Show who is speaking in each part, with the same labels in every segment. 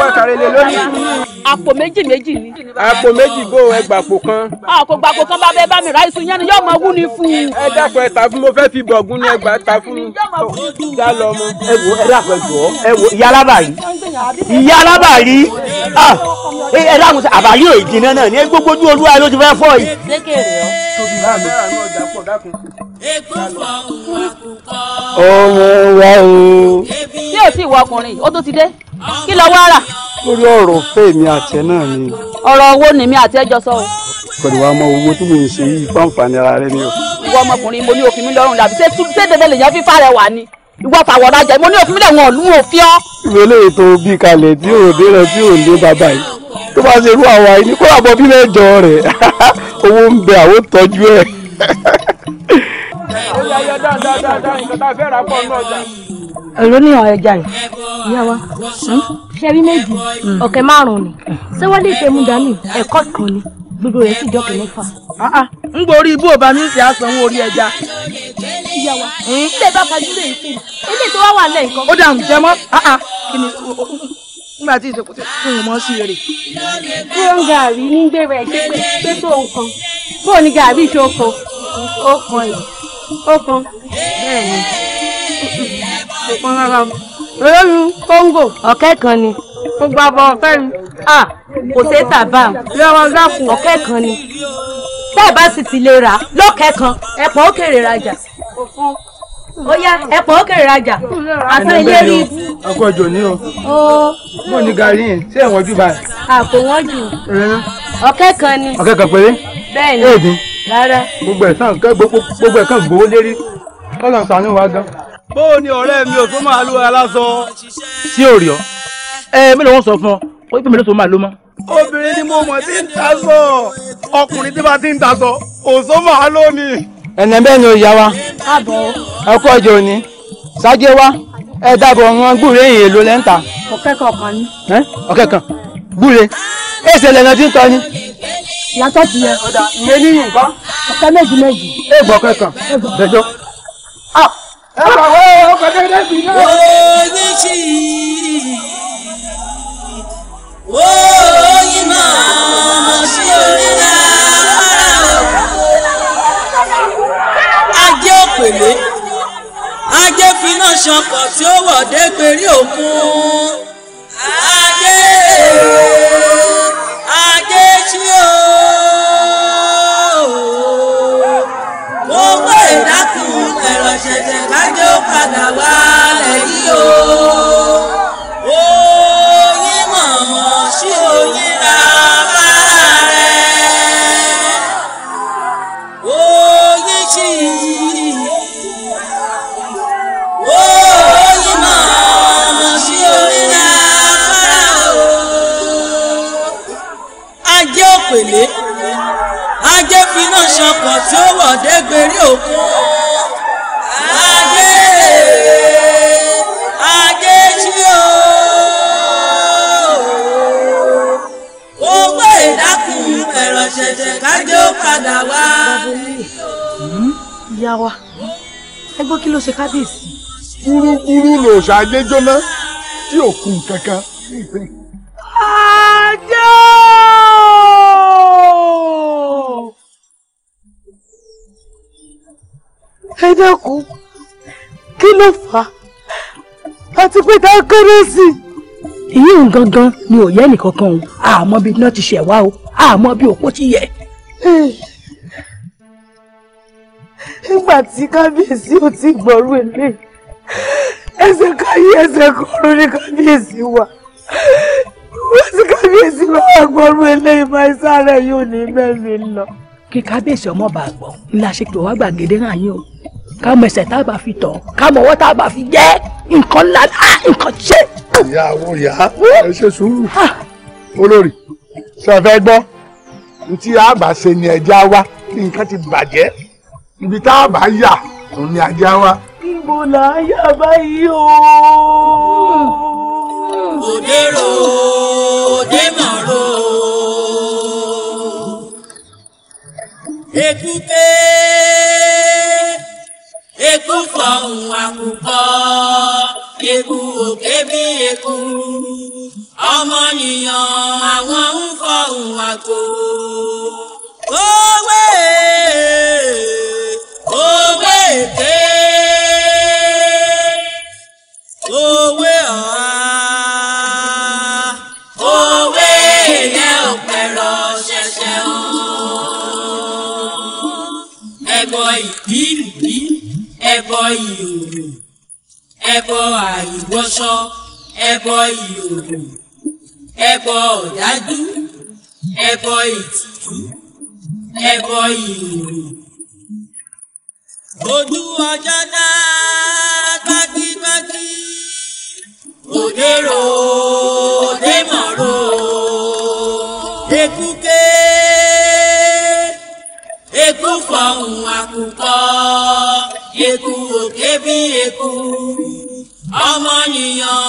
Speaker 1: pọ̀ ìkàrẹ̀lẹ̀ lónìí. àpò méjì méjì ni. àpò
Speaker 2: méjì bò ẹ gbàpò kan. àpò gbàpò kan bá bẹ bá mi ra iṣu yẹn ni yóò mọ wú ni fún un. ẹ dákun ẹ ta fún mo fẹ́ fi bọ̀gún ni ẹ gbà ta fún mi. já lọ mọ. ẹ wo ẹ dákun ẹ jọ ẹ wo ìyá alábàárí ìyá alábàárí ẹ dákun àbáyé òjì náà náà ní gbogbo ojú olúwa ló ti fẹ́ fọ́ yìí.
Speaker 1: tóbi náà mi. ọmọ wa o. tí o sì wọ ọkùnrin ó tó ti dé kí lọ wá rà.
Speaker 2: lórí ọ̀rọ̀ fẹ́ mi àti ẹ náà ni.
Speaker 1: ọ̀rọ̀ owó ni mi àti ẹ jọ sọ o.
Speaker 2: kọ̀dù wa mọ owó tí mo ń ṣe yìí fún àǹfààní ara rẹ ni o.
Speaker 1: ìwọ ọmọkùnrin mo ní òfin mi lọ́rùn làbí ṣé dédé lè yẹn fífa rẹ wà ni ìwọ fàwọ̀ rajà mo ní òfin mi lẹ̀ wọ̀n lù ú fi ọ́.
Speaker 2: ìwé lè tó bí kalẹ̀ tí ò dé rẹ tí ò lé bàbá yìí tó bá ṣe irú àwa yìí ni kó àbọ̀ bí mẹ́jọ rẹ̀ owó ń bẹ àwọn tọ́jú ẹ̀. ó yà yà dáadáa dáadáa nǹkan tá a fẹ́ rà pọ̀ náà jà.
Speaker 1: èló ní ọ̀rọ̀ ẹja yìí
Speaker 3: ìyá hm? ṣe rí méjì mm. ọ̀kẹ́ márùn-ún ni ṣé wọ́n lè tẹ̀mú dání ẹ̀kọ́ kan ni gbogbo rẹ̀ sì ah, ah. mi orí ẹja. Hm?
Speaker 1: ilé lè ilé tó wà lẹ́yìn kan. ó dà ah, nígbà tí sí rè. ní gbèrè pé tó gàrí kan kan rárá mu. olóyún kóńgò ọ̀kẹ́ kan ni. mo gba ọmọ ọ̀kẹ́ mi. kò ṣeé tà bá a. ìyá wa dákun. ọ̀kẹ́ kan ni. tẹ́ ẹ bá sì ti lè rà lọ́kẹ́ kan ẹ̀pọ̀ òkèrè rajà. ó yá ẹ̀pọ̀ òkèrè rajà. àtàn ilé rí.
Speaker 2: ọkọ ọjọ ni o. mo ní gàrí yẹn ṣé ẹ̀wọ̀n jù báyìí.
Speaker 1: àpò wọn jù. ọ̀kẹ́ kan ni. ọ̀kẹ́ kan péré. bẹ́ẹ̀ ni rárá.
Speaker 2: gbogbo ẹ̀ sàn gbogbo ẹ̀ kàn gbowó lérí kọ́lọ̀ sànú wa gan bó ni ọ̀rẹ́ mi ò tó máa lo aláṣọ. sí òrì ọ ẹ mélòó wọn sọ fún ọ ó yẹ pé mélòó tó máa lo mọ. obìnrin ni mo mọ̀ tí ń ta sọ ọkùnrin tí bá ti ń ta sọ òṣó máa ló ni. ẹ̀nà bẹ́ẹ̀ ni òòyà wa ẹ̀kọ́
Speaker 1: ọjọ́ òní ṣáájú wa ẹ dábọ̀ wọn gbúre èyí èlò lẹ́ńtà. ọ̀kẹ́kọ̀ọ́ kan ni. ọ̀kẹ́kọ̀ọ́ gbúre èsì ẹ̀lẹ́nà tí ń tọ́ ni lásán ti yẹ. ìwé níyì nǹkan. ọ̀kẹ́ méjì méjì. egbò kẹkàn. egbò kẹjọ ẹ bà wẹ́ ọ gbẹdẹ́gbẹ́ bì tí ó wọ̀ dé òkun ajé ajé tí
Speaker 4: ó. padà wálẹ̀ yìí o. Oyin mọ̀mọ́ ṣí oyin ra bá rẹ̀. Oyin ṣì yí. Oyin mọ̀mọ́ ṣí oyin ra bá rẹ̀
Speaker 1: o. Ajé òpèlé, ajé fi náà ṣọkọ̀ tí ó wọ̀ dẹ́gbẹ̀rí òkun. kájọ padà wá.
Speaker 3: Hmm? ìyá wa ẹ gbọ́ kí ló ṣe kábíyèsí. kúrúkúrú ló ṣàdé jóná
Speaker 4: tí ò kù kankan ní ìpín. àjọ.
Speaker 1: ẹ dákun kí ló fà á àti pé tá a kéré
Speaker 3: òun gangan ni òye nìkankan o àmọ́ bí iná ti ṣẹ̀ wá o àmọ́
Speaker 1: bí òpó ti yẹ nígbà tí kábíyèsí ò tí gbọ́rú ilé ẹsẹ̀ káyé ẹsẹ̀ kọ́rọ́ ní kábíyèsí wa wọ́n ti kábíyèsí máa gbọ́rú ilé ìmọ̀ ìsáré
Speaker 3: yóò ní mẹ́rin lọ. kí kábíyèsí ọmọ bá gbọ́ ńlá ṣe pé wàá gbàgede hàn yín o
Speaker 1: ká mọ ẹsẹ̀ tá a bá fi tọ̀ ká mọ ọwọ́ tá a bá fi jẹ́ nǹkan ńlá nǹkan ṣe.
Speaker 2: ìyá àwọn ìyá ẹ ṣe sùúrù olórí ṣe fẹ́ gbọ́ ntí àbá ṣe ni ẹja wa kí nǹkan ti bàjẹ́ ibi tá a bá yà tún ni ajá wa. ibo là á yà báyìí o.
Speaker 4: òde ro òde mà ro
Speaker 1: èkúté èkúfọ̀ òun àkùkọ. Eku òkè bí eku, ọmọnìyàn àwọn ń kọ òun àgò. Owé owé èké, owé ọ̀há, owé ilẹ̀ òpẹ̀rọ̀ ṣẹ̀ṣẹ̀ o. Ẹ̀bọ̀ ìbí ìbí, ẹ̀bọ̀ ìyòrò ẹbọ àìwọṣọ ẹbọ ìhòòhò ẹbọ ọ̀dájú ẹbọ ìtìjú ẹbọ ìhòòhò. ojú ọjọ́ náà pákípákí òdèrò òdèmọ̀rò èkúké èkúfọ̀hún àkùkọ. Eku òkè bí eku, ọmọnìyàn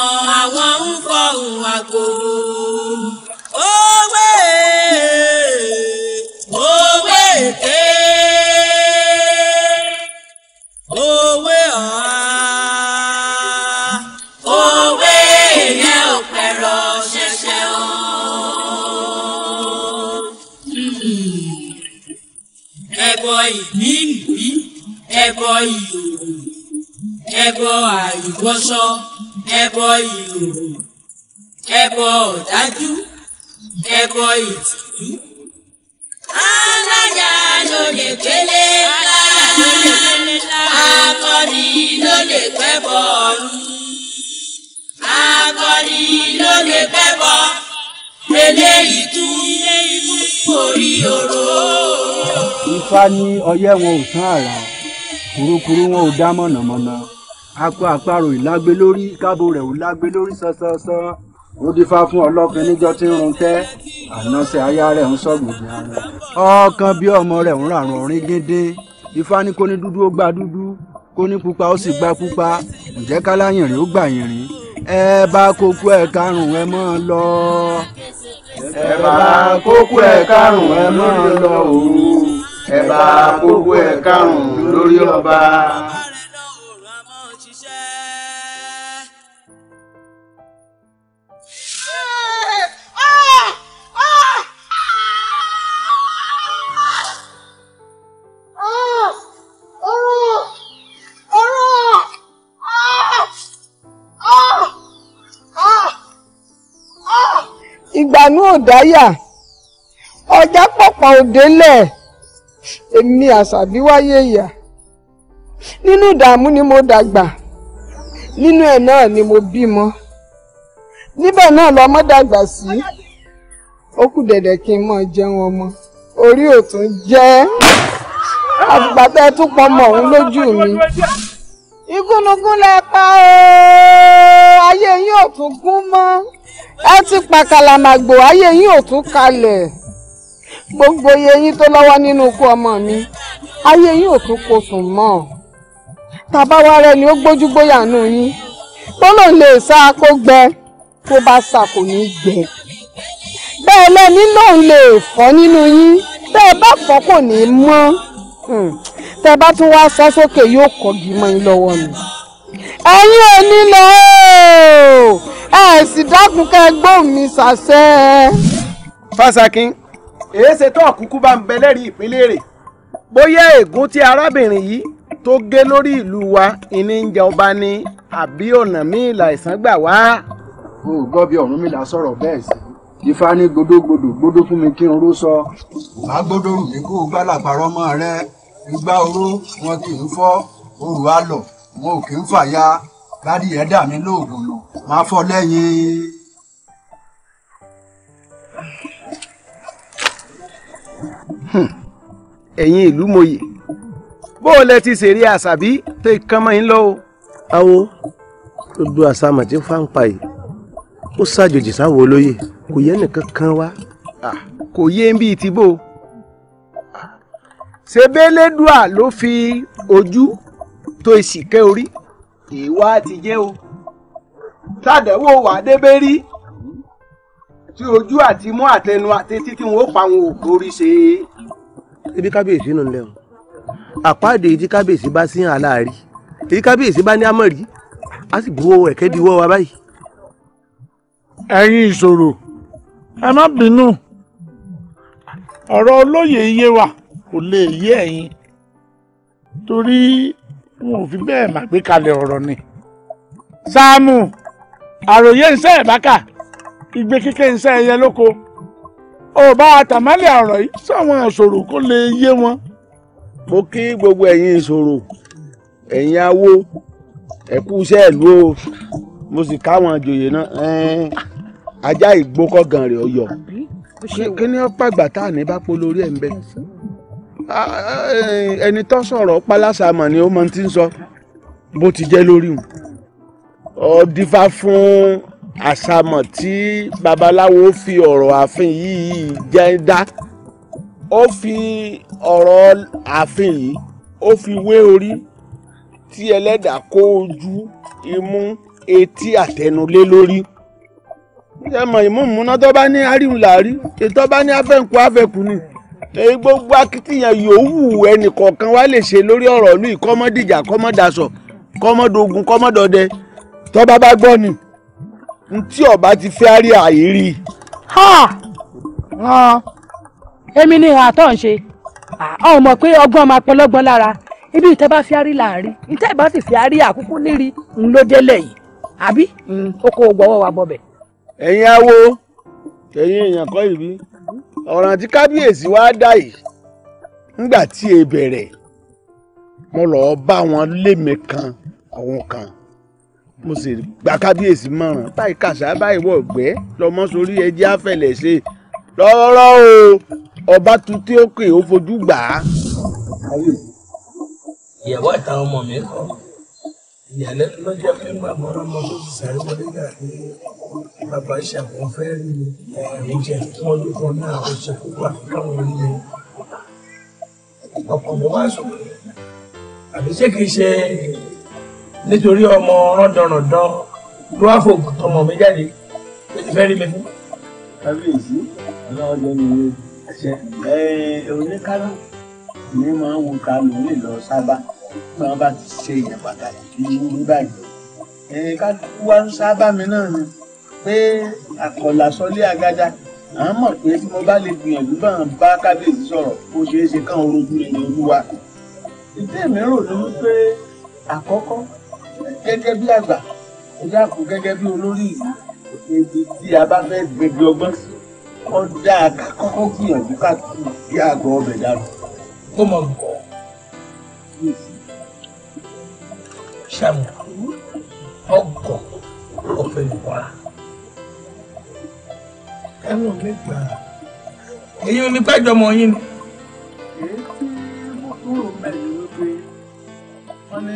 Speaker 1: ẹbọ ìhòòhò ẹbọ ọ̀dájú ẹbọ ìtìjú
Speaker 4: alájà ló lè pélé ńlá akọni ló lè pẹbọ ọrùn akọni ló lè pẹbọ eléyìí tún
Speaker 2: orí òró. ifá ní ọyẹ́ wọn ò tán àrà kúrúkúrú wọn ò dá mọ̀nàmọ́ná akọ àparò ìlágbé lórí kábò rẹ̀ ò lágbé lórí sánsánsán ó dífá fún ọlọ́pin níjọ́ tí ń runkẹ́ ànáṣẹ́ aya rẹ̀ ń sọ̀gbìn ara ọkàn bí ọmọ rẹ̀ ń ràrùn ọ̀rìn gédé ifá ní kó dúdú ó gba dúdú kó pupa ó sì gba pupa ǹjẹ́ káláyìnrín ó gbà yìnrín ẹ bá kókó ẹ̀ karùn ẹ mọ́ ọ lọ. ẹ bá kókó ẹ̀ karùn ẹ mọ́ ọ lọ òru ẹ bá kókó ẹ̀ karùn lórí ọba.
Speaker 1: dáyà ọjà pọ̀pọ̀ òdélẹ̀ èmi àṣàbí wáyé ìyá nínú ìdààmú ni mo dàgbà nínú ẹ náà ni mo bímọ níbẹ̀ náà lọmọ dàgbà sí ó kù dẹ̀dẹ̀ kí n mọ̀ jẹun ọmọ orí òtún jẹ́ àgbàtà ẹ̀ tún pọ̀ òun lójú mi. igúnnugún lẹ pa ooo ayé yín ò tún gún mọ́ ẹ ti pa kàlàmàgbò ayé yín ò tún kalẹ̀ gbogbo iye yín tó lọ́wọ́ nínú ikú ọmọ mi ayé yín ò tún kó sùn mọ́ tàbá wa rẹ ni ó gbójú gbóyà nù yín tó lòun lè sá kó gbẹ tó bá sá kò ní gbẹ bẹ́ẹ̀ lẹ́ni lòun lè fọ́ nínú yín bẹ́ẹ̀ bá fọ́ kò ní mọ́. Hmm. tẹ bá tún wá sọ sókè yóò kọgi mọ́ yín lọ́wọ́ mi. ẹ̀yin ò ní lọ
Speaker 2: ẹ sì dákun ká ẹgbọ́n mi ṣàṣẹ. fásakin èé ṣe tó àkúkú bá ń bẹ lẹ́rìí ìpínlẹ̀ èrè bóyá ègún tí arábìnrin yìí tó gé lórí ìlú wa ìní ń jẹ ọba ni àbí ọ̀nà míì làìsàn gbà wá. mo gbọ́ bí Ọ̀rúnmìlà sọ̀rọ̀ bẹ́ẹ̀ sí ìfá ní gbódógbodò gbódó fún mi kí n ró sọ. má gbódòrò mi kó o gbálàgbàrọ mọ rẹ igbá oró wọn kì í fọ òrù àlọ wọn ò kì í fàya bádìyẹ dà mí lóògùn lò má fọ lẹ́yìn. Hmm. ẹ̀yin ìlú mòye bó o lẹ ti ṣeré àṣàbí tó ìkànnì lọ o. awo gbogbo àṣà màtí fáńpà yìí ó ṣàjòjì sáwọn olóyè kò yẹ nìkan kan wá kò yé ń bíi tìbò ṣebélédùà ló fi ojú tó ìsìnkẹ́ orí ìwà ti jẹ́ o tàdẹ̀wò wà débérí tí ojú àti mú àtẹnu àti títí wọn ó pa àwọn òkú orí ṣe. ibi kábíyèsí nù ń lẹ́wọ̀n àpáàdé tí kábíyèsí bá sí hàn láàrí èyí kábíyèsí bá ní àmọ̀rí a sì buwọ́ ẹ̀kẹ́ diwọ́ wa báyìí. ẹ̀yin ìṣòro ẹ má bínú ọ̀rọ̀ olóyè iye wa kò lè yé ẹ̀yin torí wọn ò fi bẹ́ẹ̀ má gbé kalẹ̀ ọ̀rọ̀ ni sáàmù àròyé ńṣe ìbákà ìgbé kíkẹ́ ńṣe ẹyẹ lóko ò bá àtàmálẹ̀ ọ̀rọ̀ yìí sọ̀wọ́n ìṣòro kó lè yé wọn. mo kí gbogbo ẹ̀yin ìṣòro ẹ̀yin awo ẹ̀kú iṣẹ́ ìlú o mo sì káwọn ìjòyè náà. ajá ìgbókọ̀gàn rẹ̀ ọyọ kí ni ó pàgbà tá à ní bá polo orí ẹ̀ ń bẹ eh, ẹni tó sọ̀rọ̀ pálásà mà ni ó mọ ti ń sọ bó ti jẹ́ lórí wọn ọdífá fún àṣàmọ̀ tí babaláwo fi ọ̀rọ̀ àfin yìí jẹ́ dá ó fi ọ̀rọ̀ àfin yìí ó fi wé orí tí ẹlẹ́dàá kó ojú imú etí àtẹnulé lórí ṣe mọ ìmúmúná tó bá ní àríwú làárí ètò bá ní afẹ́ǹkù afẹ́kù ni èyí gbogbo akitiyan yòówù ẹnìkọ̀ọ̀kan wá lè ṣe lórí ọ̀rọ̀ ìlú ìkọ́mọ́dìjà kọ́mọ́dàsọ kọ́mọ́dógun kọ́mọ́dọdẹ tọ́ba bá gbọ́ ni ntí ọba ti fẹ́ àrí àìrí.
Speaker 1: èmi ni ìhà ń ṣe àwọn ọmọ pé ọgbọ́n máa pọlọ́gbọ́n lára ibi ìtẹ́ bá fi àrí làárí ìtẹ́ ìbá sì fi àrí àkúkú níri ń ló yìí àbí ó gbọ́wọ́ wa
Speaker 2: bọ̀bẹ̀ ẹ̀yin awo ẹ̀yin èèyàn kọ́ ìbí ọ̀ràn tí kábíyèsí wá dà yìí nígbà tí e bẹ̀rẹ̀ mo lọ bá wọn lémi kan àwọn kan mo sì gba kábíyèsí mọ̀ràn báyìí kàṣà báyìí wọ̀ gbẹ́ lọ́mọ sórí ẹjẹ́ àfẹlẹ̀ ṣe lọ́rọ́ o ọba tuntun òkè ó fojú gbà á. ìyàwó àtàwọn ọmọ mi kọ́ ìyàlẹ́nu ló jẹ́ pé bàbá ọlọ́mọ tó ti sáré wọlé gà ní bàbá ṣàkóso fẹ́ rí ẹ̀rọ jẹ kí wọ́n lóko náà ó ṣe púpọ̀ káwọn rí mi. ọ̀pọ̀ mi wá sùn àbí ṣé kìí ṣe nítorí ọmọ rọ́ndọ̀rọ̀dán ló wá fò tọmọ mi jáde ló ti fẹ́ rí mi fún. kábíyèsí ọlọ́wọ́ jẹ́ mi ní ẹ̀ṣẹ̀ ẹ̀ oníkálù ni máa ń wo ta lòun lè lọ sábà tí wọ́n bá ti ṣe ìyẹn pàtàkì bí ní báyìí ẹ̀yìn ká wá ń sábà mi náà ni pé àkọlà sọlé àgájá à ń mọ̀ pé tí mo bá lè gbìyànjú bá ń bá kábíyèsí sọ̀rọ̀ ó ṣeé ṣe kán orogún ẹni olúwa ìdí èmi rò ní wípé àkọ́kọ́ gẹ́gẹ́ bí àgbà ẹ dákun gẹ́gẹ́ bí olórí ìlú tí a bá fẹ́ gbẹgbẹ ọgbọ́n sí ọ̀dà àkọ́kọ́ gbìyànjú ká tù àgọ́ ọbẹ̀ dànù. ó mọ̀ gbọ́. Sam ọgọ ọ̀fẹ́lùwà ẹ̀wọ̀n mi gbà èyí ò ní pẹ́jọ ọmọ yín ni. èyí tí mo kúrò mẹ́rin ló pé wọ́n ní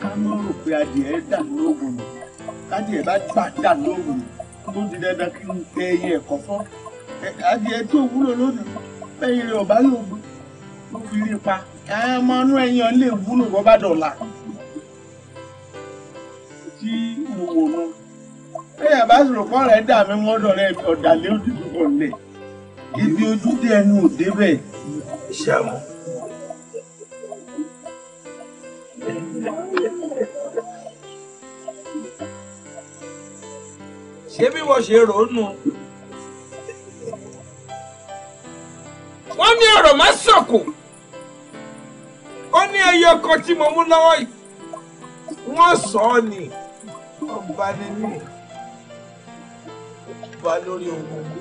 Speaker 2: ká má rò pé adìẹ dà lóògùn nù adìẹ bá gbà dà lóògùn nù tó di dandan kí n tẹ ẹyẹ ẹ̀kọ́ fọ́ adìẹ tó wúlò lónìí bẹ́ẹ̀ ni ọ̀bá yóò gbé mo fi rí i pa ẹ̀ẹ́mọ́nú ẹ̀yàn lè wúlò bọ́ bá dọ̀la tí mo wò nu ẹ̀yà bá sọ̀rọ̀ kọ́ rẹ̀ dà mí mọ́dọ̀ rẹ̀ ọ̀dàlẹ́ òdì tó lẹ̀ ibi ojú dé ẹnu ò débẹ̀ ṣe ṣé bí wọ́n ṣe rò ó nù. wọ́n ní ọ̀rọ̀ má sọ̀kò ó ní ẹyọ kan tí mo mú lọ́wọ́ yìí wọ́n sọ ọ́ ni ó bá nínú ó bá lórí ohun gbogbo.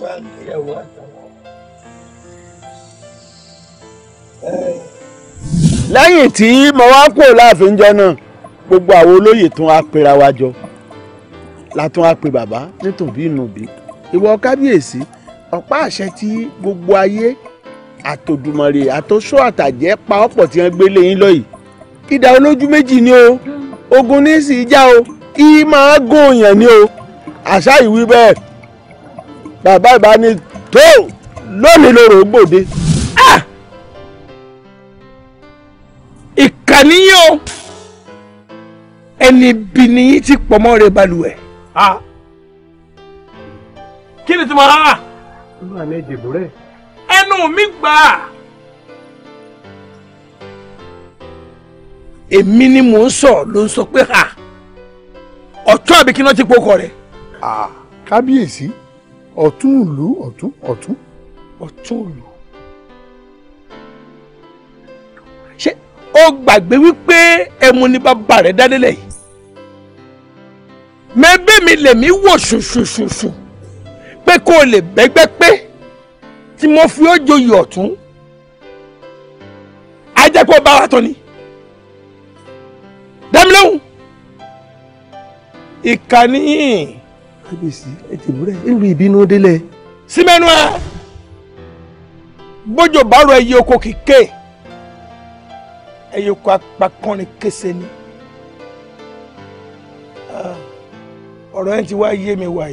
Speaker 2: Báńkì rẹ̀ wá tọ̀wọ̀. Lẹ́yìn tí mo wá kúrò láàfin jọ náà gbogbo àwọn olóyè tún á pera wa jọ látún á pe bàbá nítòbí ìnùbí ìwọ kábíyèsí ọ̀pá àṣẹ tí gbogbo ayé àtòdùmọ̀rè àtòṣó àtàjẹ́ pa ọ̀pọ̀ tí wọ́n gbélé yín lọ́yìí ìdá olójú méjì ni o ogun ní sì já o kí máa gún òyàn ni o àṣà ìwí bẹ́ẹ̀ bàbá ìbá ni tó lónìí lóru gbòde. ìkànnìyàn o ẹni bí ni yín ti pọ̀ mọ́ rẹ̀ balùwẹ̀. kí ni tí mo rárá. olúwa ní èdè bò ẹnu mi gbà. èmi ni mò ń sọ ló ń sọ pé ha ọ̀tún àbí kí n náà ti pokọ rẹ̀. kábíyèsí ọ̀tún ìlú ọ̀tún ọ̀tún. ọ̀tún ìlú. ṣé o gbàgbé wípé ẹmu ni bàbá rẹ̀ dádélẹ̀ yìí. mẹ́bí mi lèmi wò ṣùṣùṣùṣù pé kó o lè bẹ́gbẹ́ pé tí mo fi ó joyè ọ̀tún ajẹ́pọ̀ bá wa tán ni dámilóhùn ìkànnì yìí. kábíyèsí ẹ ti búrẹ́ irú ìbínú délẹ̀. símẹ́nu ẹ bójú bárò ẹyẹ oko kìkè ẹyẹ oko apakọrin kése ni ah, ọ̀rọ̀ yẹn ti wá yé mi wá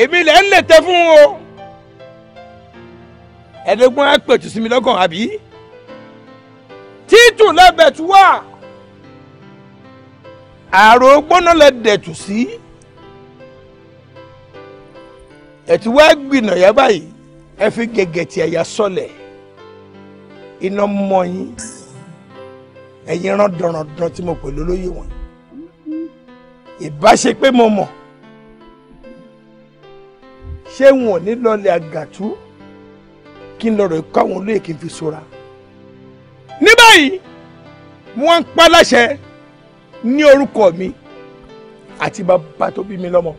Speaker 2: èmi lẹ́ ń lè tẹ́ fún o ẹ̀ẹ́dẹ́gbọ́n á pẹ̀tù sí mi lọ́gàn àbí títù lẹ́bẹ̀tù wà àrò gbóná lẹ dẹ̀tù sí ẹ̀tù wá gbìnà yá báyìí ẹ fi gẹ̀gẹ̀ tí ẹ̀yà sọlẹ̀ iná mọ́ yín ẹ̀yin rán dọ̀rọ̀dọ̀rọ̀ tí mo pè lólóyè wọn ìbá ṣe pé mo mọ̀ ṣé wọn ò ní lọlẹ̀ àgàtú kí n lọ́rọ̀ káwọn olóyè kí n fi sora ní báyìí wọ́n ń pa láṣẹ ní orúkọ mi àti bàbá tó bí mi lọ́mọ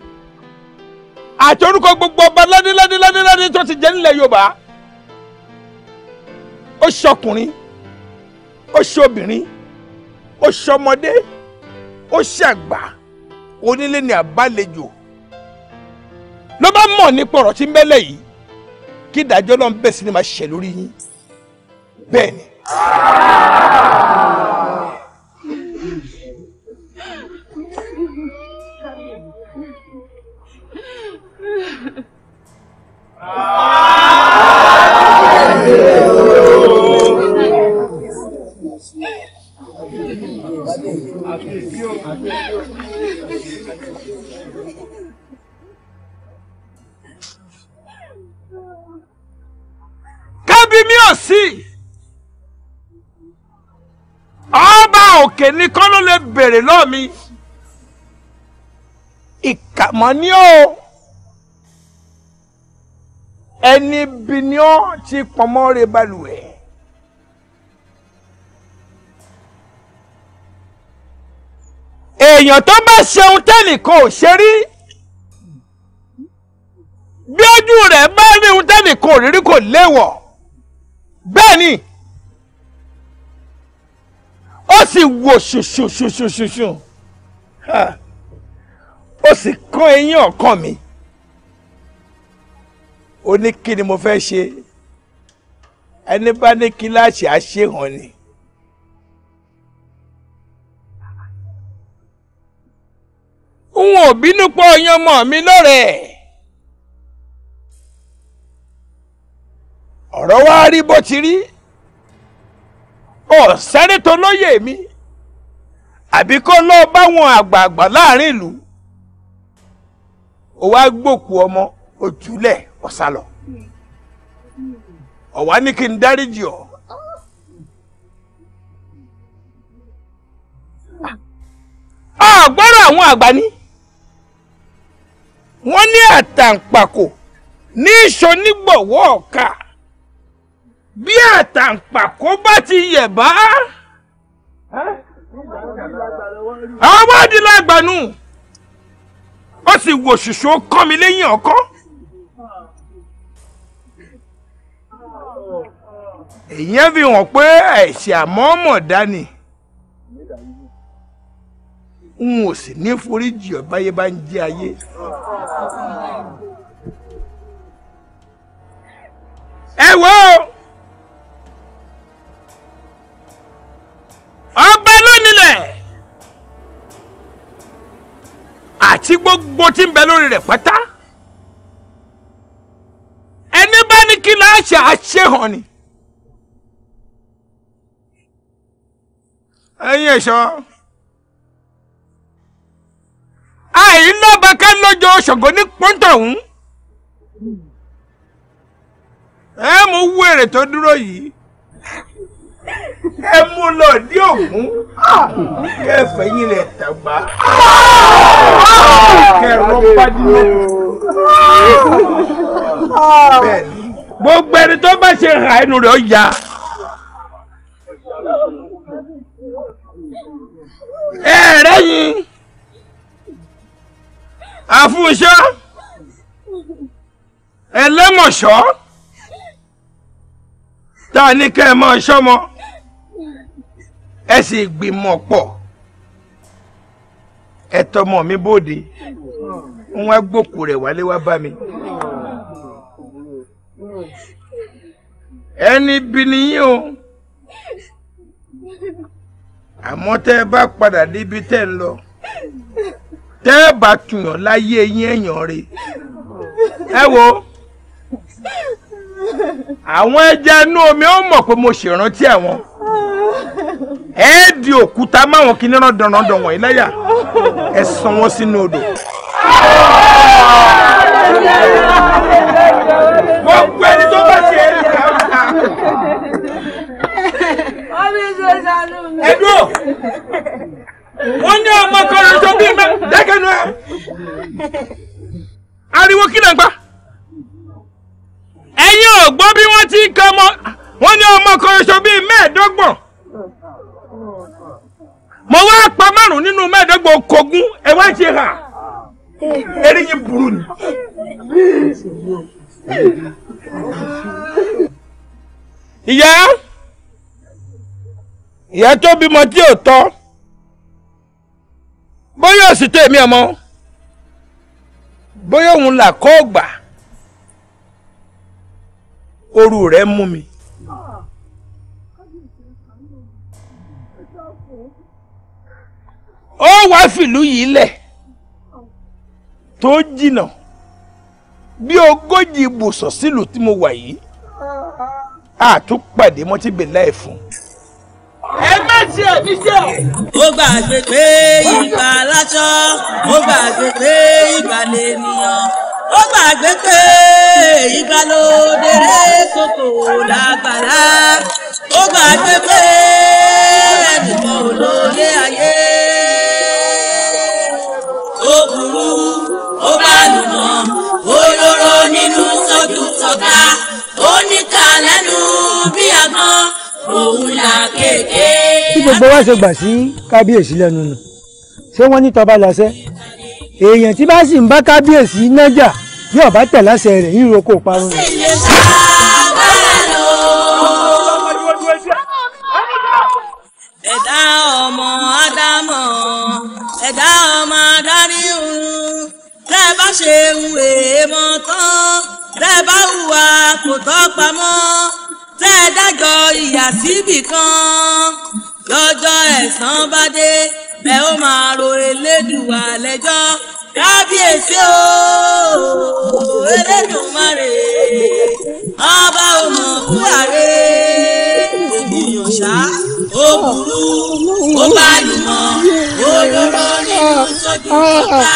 Speaker 2: àti orúkọ gbogbo ọba ládéládéládéládé tó ti jẹ nílẹ̀ Yorùbá ó ṣọkùnrin ó ṣobìnrin ó ṣọmọdé ó ṣàgbà onílé ní àbálejò ló bá mọ̀ nípa ọ̀rọ̀ tí ń bẹ́lẹ̀ yìí kí ìdájọ́ náà bẹ̀ sí ni máa ṣẹ̀ lórí yín bẹ́ẹ̀ ni. Thank you. sí ọba òkè nìkan ló lè béèrè lọ́ọ̀ mi ìkàmọ́ ní o ẹni bí ni ó ti pọ̀nmọ́ rẹ̀ balùwẹ̀. èèyàn tó bá ṣeun tẹ́nìkan ò ṣe rí bí ojú rẹ̀ bá rí ohun tẹ́nìkan ò rírí kò léwọ̀ bẹ́ẹ̀ ni ó sì wò ṣùṣùṣùṣùṣùṣù ó sì kán eyín ọ̀kan mi ó ní kí ni mo fẹ́ ṣe ẹni bá ní kíláàsì àṣehàn ni. n ò bínú pọ̀ ọyàn ọmọ mi lọ́rẹ̀ẹ́. ọ̀rọ̀ wa rí bó ti rí ọ̀sẹ́rẹ́ tó lóye mi àbí kó lọ báwọn àgbààgbà láàrin ìlú ó wá gbòkú ọmọ ojúlẹ̀ ọ̀sálọ̀ ọ̀wá ní kí n dáríjì ọ́ ọ̀gbọ́rọ̀ àwọn àgbà ni wọ́n ní àtàǹpàkò ní ìṣonígbọ̀wọ́ ọ̀ka. bí àtàǹpàkò bá ti yẹ̀ bá. àwọn di lágbàánu ó sì wò ṣùṣù kọ́ mi lẹ́yìn ọkọ́. èyí fi hàn pé àìsàn àmọ́mọ̀ dání n ò sì ní foríjì ọ̀báyé bá ń jẹ́ ayé. ẹ wo. ọba lónìlẹ̀ àti gbogbo tí ń bẹ lórí rẹ̀ pátá ẹni bá ní kí láà ṣe àṣehàn ni. ẹ̀yin ẹ̀ṣọ́ àìlọ́ba ká lọ́jọ́ ṣògo ní pọ́ńtọ̀hún ẹ mú wú èrè tó dúró yìí ẹ mú lọ ní ògún kí ẹ fẹ̀yìn rẹ̀ tàgbà kẹrọ pàdé bẹ́ẹ̀ni gbogbo ẹni tó bá ṣe hàn ẹnu rẹ̀ ó yá. ẹ̀rẹ́ yìí àfúnṣọ́ ẹlẹ́mọ̀ṣọ́ tá a ní kẹ́ ẹ mọ ṣọ́mọ ẹ sì gbìmọ̀ pọ̀ ẹ tọmọ mi bóde ń wá gbòkú rẹ̀ wálé wá bá mi ẹni bí nìyí o àmọ́ tẹ́ ẹ bá padà débi tẹ́ ń lọ tẹ́ ẹ bá tuyàn láyé yín èèyàn rẹ̀ ẹ wo àwọn ẹja inú omi ó mọ̀ pé mo ṣèrántí àwọn ẹ di òkúta máwọn kí níràn dandandan wọ̀nyí láyà ẹ sàn wọ́n sínú odò.
Speaker 4: wọ́n pẹ́ ní tó bá ṣe é ní káwá.
Speaker 1: ẹ̀dùn wọ́n ní ọmọ kọrin tó bí mẹ́.
Speaker 4: dákẹ́nu ẹ̀
Speaker 2: ariwo kí ló ń pa ẹ̀yin ò gbọ́ bí wọ́n ti ń kọ́ ọmọ wọ́n ní ọmọ kọrin tó bí mẹ́ẹ̀ẹ́dọ́gbọ̀n mo wá pa márùn nínú mẹ́ẹ̀ẹ́dẹ́gbọ̀n kogún ẹ wá ṣe hà eré yìí burú ni. ìyá ìyá tó bímọ tí ò tọ́ bóyá òsì tó èmi ọmọ bóyá òun là kọ́ ọ̀gbà ooru rẹ̀ mú mi. ó wá fìlú yìí lẹ̀ tó jìnnà bí ogójì ibùsọ̀ sílùú tí mo wà yìí àtúpàdé mọ́tí bèlà ẹ̀ fún. ẹ má ṣe ẹ̀mí ṣe ọ̀. ó gbàgbé pé ibà aláṣọ
Speaker 1: ó gbàgbé pé ibà lènìyàn ó gbàgbé pé
Speaker 4: ibà ló déré kókò lágbára ó gbàgbé pé ẹnìkan ò lóye ayé. sọ̀tà ó ní ká lẹ́nu bí agbọ́n òun là kéèké. bí
Speaker 3: gbogbo wa ṣe gbà sí kábíyèsí lẹ́nu nù ṣé wọ́n ní tọba láṣẹ èèyàn tí bá sì ń bá kábíyèsí nájà yóò bá tẹ̀ láṣẹ rẹ̀ yíro kó parun. ó sì
Speaker 4: lè ṣàgbára lọ.
Speaker 1: ẹ̀dá ọmọ ádámọ̀ ẹ̀dá ọmọ adarí tẹ́ bá ṣe ń wèé mọ́ tán tẹ́ ẹ bá hùwà kò tọ́ pamọ́ tẹ́ ẹ dájọ́ ìyà síbì kan lọ́jọ́ ẹ̀san bá dé ẹ ó máa ro elédùà lẹ́jọ́ kábíyèsí o elédùnmarè ọba ọmọ kúrare ènìyàn ṣá
Speaker 4: ó burú ó bá lùmọ̀ ó lóró nínú sójú ọ̀tá.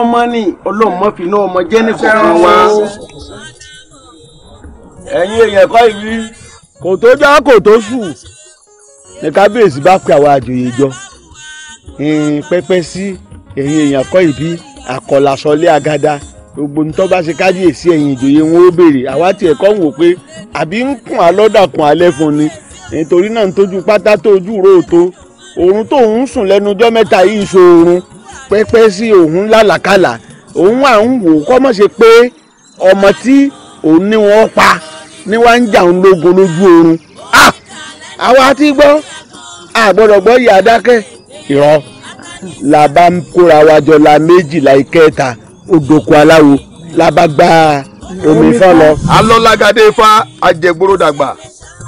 Speaker 2: ọmọ ni ọlọ́run mọ́ fi iná ọmọ jẹ́ ní kọ̀ọ̀kan wa. ẹ̀yin èèyàn kọ́ ìwí. kò tó já kò tó sù ní kábíyèsí bá pe àwọn jọ àgàdà gbogbo bá ṣe kábíyèsí ẹ̀yin ìjòyè wọn ó béèrè àwa tiẹ̀ kọ́ pé àbí alẹ́ nítorí náà pẹ́pẹ́ sí òun lálàkàlà òun à ń wò kọ́ mọ̀ ṣe pé ọmọ tí òun ní wọ́n pa ni wọ́n ń jà ń lógun lójú oorun àwa ti gbọ́ àgbọ̀dọ̀ yìí adákẹ́ ìrọ̀ la bá ń kóra wa jọ la méjìlá ìkẹta odòkó aláwo la bá gba omi fọ́ lọ. alọ́lágadé fa ajẹgboro dàgbà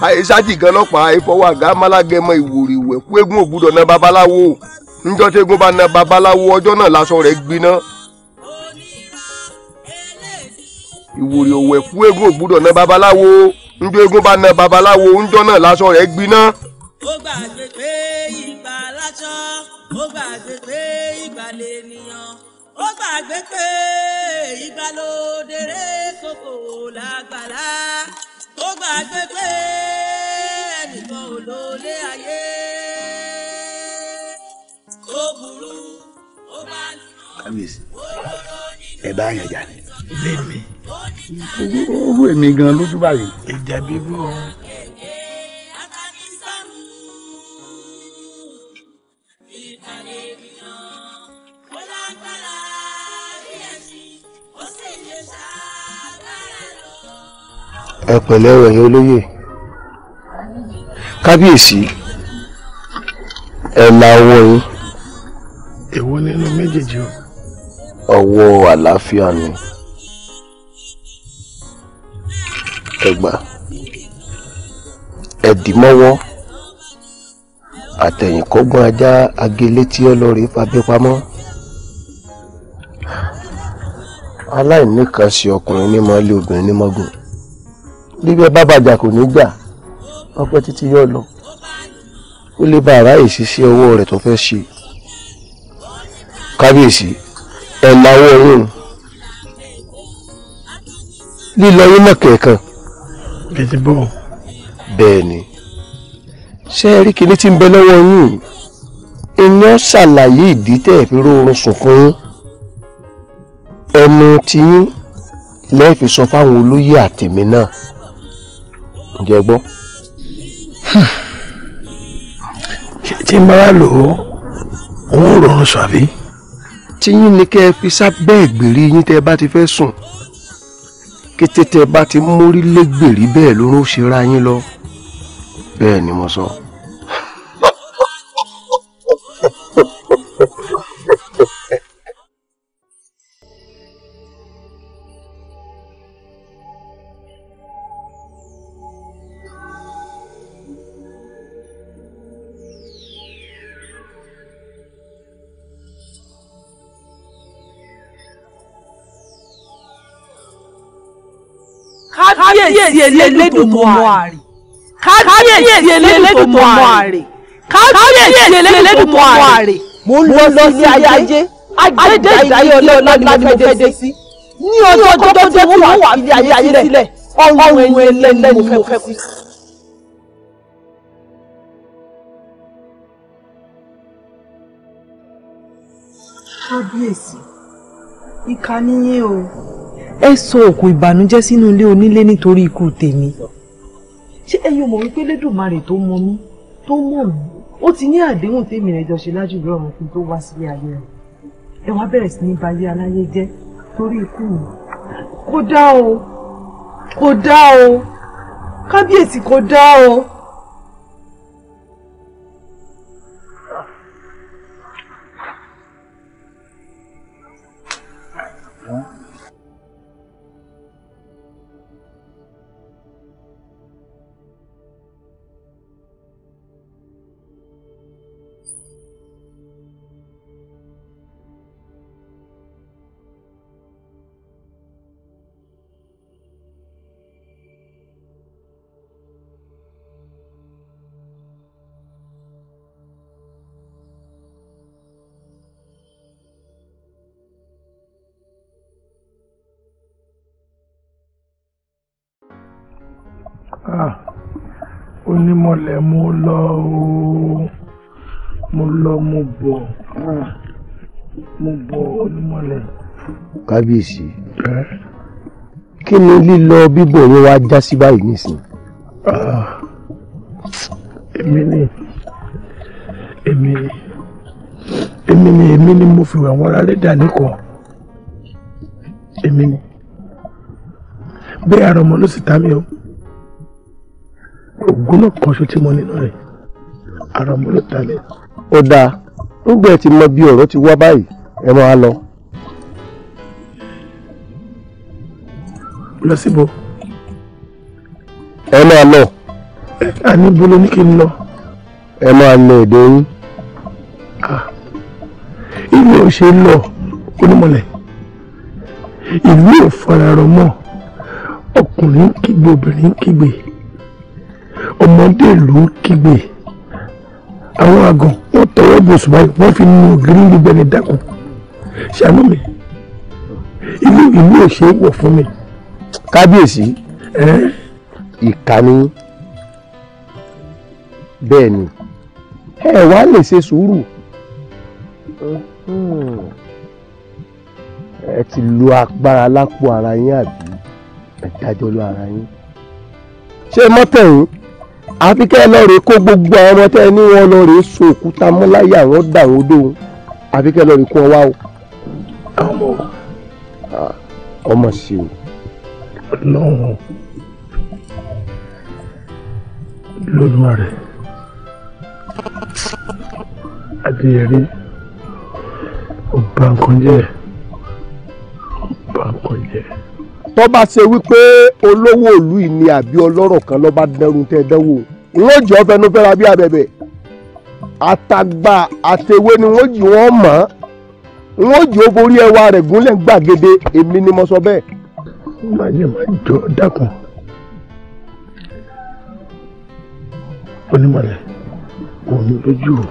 Speaker 2: àìsàjì gan lọ́pàá ìfọwọ́ àgá málágẹmọ ìwòrìwẹ̀ kú eégún ògbúdọ̀ náà babaláwo njọ́ tẹ́gun bá na babaláwo ọjọ́ náà láṣọ rẹ̀ gbiná ìwòrì òwò ẹ̀kú eégún ògbúdọ̀ na babaláwo njọ́ eégún bá na babaláwo njọ́ náà láṣọ rẹ̀ gbiná. ó gbàgbé pé
Speaker 1: ìgbà láṣọ ó gbàgbé pé ìgbà lè nìyàn ó gbàgbé pé ìgbà ló dèrè kókò lágbàlá ó gbàgbé pé ẹnìkan ò lólé ayé.
Speaker 2: kábíyèsí ẹ bá yàn jà ni. lèmi. owó èmi gan lójú báyìí. ìjà bíbú ọ. ẹ pẹ̀lẹ́ ọ̀rọ̀ yẹn olóyè kábíyèsí ẹ la ọwọ́ yín. èwo nínú méjèèjì o ọwọ́ àlàáfíà ni ẹgbà ẹ̀dìmọ́wọ́ àtẹ̀yìnkọ́gbọ́n ajá agélétí ọlọ́rin fabẹ́ pamọ́ aláìníkànṣe ọkùnrin ní mọ́lé obìnrin ní mọ́gùn bíbẹ́ bá bàjá kò ní gbà ọpẹ́ títí yóò lọ ó lè bá aráyè ṣiṣẹ́ owó rẹ̀ tó fẹ́ ṣe kábíyèsí ẹ̀làwọ̀ oòrùn lílọ yín náà kẹ̀ẹ̀kan. bẹ́ẹ̀ bọ́. bẹ́ẹ̀ ni ṣé ẹ rí kinní tí ń bẹ lọ́wọ́ yín iná ṣàlàyé ìdí tẹ̀ fi rọrùn sùn fún yín ẹnu tiyín lẹ́ẹ̀fi sọ fáwọn olóyè àtẹ̀mí náà ǹjẹ́ gbọ́. ṣé tí n bá wà lò ó òun ò rọrùn sùn àbí tiyín ni kẹ́ ẹ fi sábẹ́ ìgbèrí yín tẹ́ ẹ bá ti fẹ́ sùn kété tẹ́ ẹ bá ti mórí lé gbèrí bẹ́ẹ̀ lóró ṣe ra yín lọ bẹ́ẹ̀ ni mo sọ. So.
Speaker 1: kábíyèsí elédùnmọ́ àrè
Speaker 3: kábíyèsí elédùnmọ́ àrè
Speaker 1: kábíyèsí elédùnmọ́ àrè mo ń lọ sí ayé ajé ajé ìdáyé ọlọ́ọ̀lá ni mo fẹ́ dé sí ní ọjọ́ tó jẹ́ kó wà ní ayé ayé sílẹ̀ ọ̀hún ẹlẹ́ni mo fẹ́ kú sí.
Speaker 3: kábíyèsí ìkànnì yín o ẹ sọ òkò ìbànújẹ́ sínú ilé onílé nítorí ikú tèmi ṣé ẹ̀yin mọ̀ wípé lẹ́dùnmarè tó mọ mí tó mọ̀ mí ó ti ní àdéhùn tèmi rẹ̀ jọ ṣe lájú ìlú ọ̀run kí n tó wá sílé ayé rẹ̀ ẹ wá bẹ̀rẹ̀ sí ní bayé aláyé jẹ́ torí ikú mi kò dá o kò dá o kábíyèsí kò dá
Speaker 4: o.
Speaker 2: nímọ̀lẹ́ mo lọ ooo mo lọ mo bọ̀ ah. mo bọ̀ onímọ̀lẹ́. kábíyèsí kí ni lílọ bíbọ̀ yẹn wá já sí báyìí nísìnyí. Ah. èmi ni èmi ni èmi ni èmi ni mo fi wà wọn rárẹ dání èmi ni bẹ́ẹ̀ àrọ̀mọ́ ló sì ta mí o ògùn náà kan ṣo tí mo nínú rẹ̀ ara mo ló dalẹ̀. ó dáa nígbà tí mo bí ọ̀rọ̀ ti wá báyìí ẹ máa lọ. lọ síbo. ẹ máa lọ. a ní bolo ní kí n lọ. ẹ máa lọ èdè yín. ìlú ò ṣe é lọ onímọ̀lẹ̀ ìlú ò fara rọ mọ́ ọkùnrin kígbe obìnrin kígbe ọmọdé ló ń kígbe àwọn àgàn wọn tọwọ́ bòsùn báyìí wọ́n fi nu gírígì bẹni dákun ṣàánú mi ìlú ìlú ò ṣe é wọ̀ fún mi. kábíyèsí ìkànnì bẹ́ẹ̀ ni ẹ wá lè ṣe sùúrù ẹ ti lo agbára lápò ara yín àbí ẹ dájọ́ lọ ara yín ṣé mọ́tẹ̀yìn àfi kẹ́ ẹ lọ rèé kó gbogbo àwọn ọmọ tẹ́ ẹ ní wọn lọ rèé so òkúta mọ́láyà wọn dà wọn dóhun àfi kẹ́ ẹ lọ rèé kó wọn wá o. ọmọ sí o. ọlọ́run lónìí rẹ̀ adìyẹrí ọba nǹkan jẹ́ ọba nǹkan jẹ́. tó ṣe wípé olówó ìlú yìí ni àbí ọlọ́rọ̀ kan ló bá dẹrùn tẹ́ dánwò lọ́jọ́ fẹnufẹ́ra bí abẹ̀bẹ̀ àtàgbà àtẹwé ni wọ́n jì wọ́n mọ̀ ọ́n wọ́n jì ó borí ẹwà rẹ̀ gúnlẹ̀ gbàgede èmi ni mo sọ bẹ́ẹ̀. má yẹ má jọ dákun onímọ̀lẹ̀ òun lójú o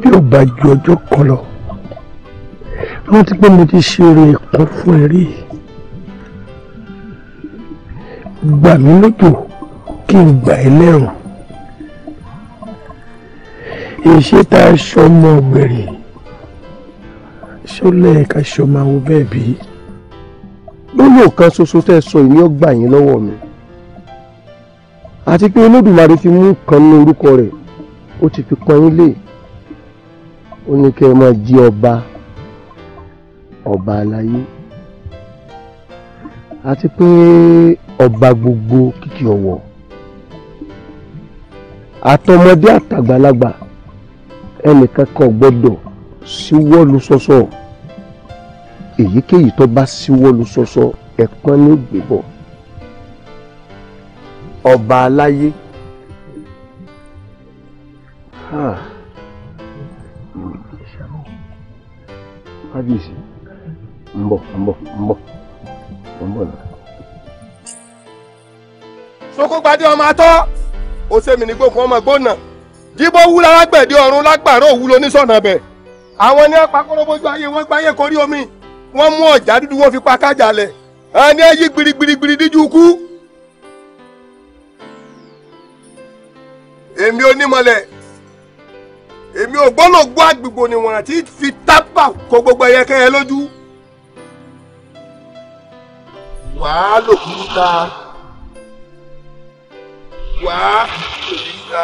Speaker 2: bí ó bá ju ọjọ́ kan lọ rántí pé mo ti ṣe oore kan fún ẹ rí gbà mí lójú o kí n gbà ẹ́ lẹ́rùn èṣe tá a ṣọmọ gbèrè ṣó lẹ́ẹ̀ka ṣọmọ àwọn bẹ́ẹ̀ bí. lórí ọ̀kan ṣoṣo tẹ́ ẹ sọ ìní ọgbà yín lọ́wọ́ mi àti pé olódùmarè ti mú kan ní orúkọ rẹ̀ ó ti fi pọn yín ó ní kẹ́ ẹ máa jí ọba ọba aláyé àti pé ọba gbogbo kìkì ọ̀wọ̀ àtọmọdé àtàgbàlagbà ẹnìkan kan gbọ́dọ̀ síwọ́lu sọ́sọ́ èyíkéyìí tó bá síwọ́lu sọ́sọ́ ẹ̀pọ́n ní gbébọ̀ ọba aláyé ah. kábíyèsí ń bọ̀ ń bọ̀ ń bọ̀ ń bọ̀ náà. Sokogbade ọmọ atọ́ ó sẹ́mi ní gbókun ọmọ gbóná jíbó wú lálágbẹ̀dẹ ọ̀run lágbàrá òwú lóní sọ̀nà bẹ̀. àwọn ní apakọ́lọ́bójú ayé wọ́n gbáyé korí omi wọ́n mú ọ̀já dúdú wọ́n fi pa kájà lẹ̀ ẹni ẹ yí gbirigbirigbiri díjú kú. èmi onímọ̀lẹ̀ èmi ò gbọ́dọ̀ gbọ́ àgbègbè oníwọ̀n àti fi tábà kó gbogbo ẹyẹ kẹyẹ lójú. wàá lòkúta wàá lògiri ta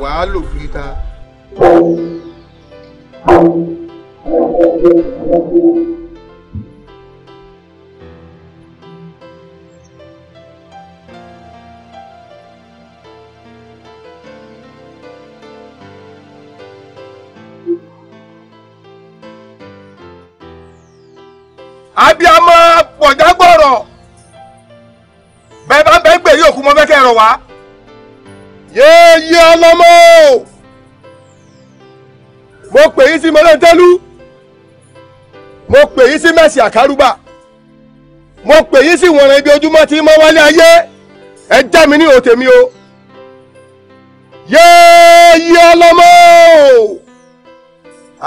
Speaker 2: wàá lògiri ta. abiamọ pọ̀jágbọ̀rọ̀ bẹ́ẹ̀ bá ń bẹ́ẹ̀ gbèrè òkú mọ́ fẹ́kẹ́ rọ̀ wá. yéèyé ọlọ́mọ mo pè yín sí mọ́lẹ́ntẹ́lú mo pè yín sí mẹ́sì àkárúbà mo pè yín sí ìwọ̀nà ibi ojúmọ́ tí mo wálé ayé ẹ já mi ní òtè mi o. yéèyé ọlọ́mọ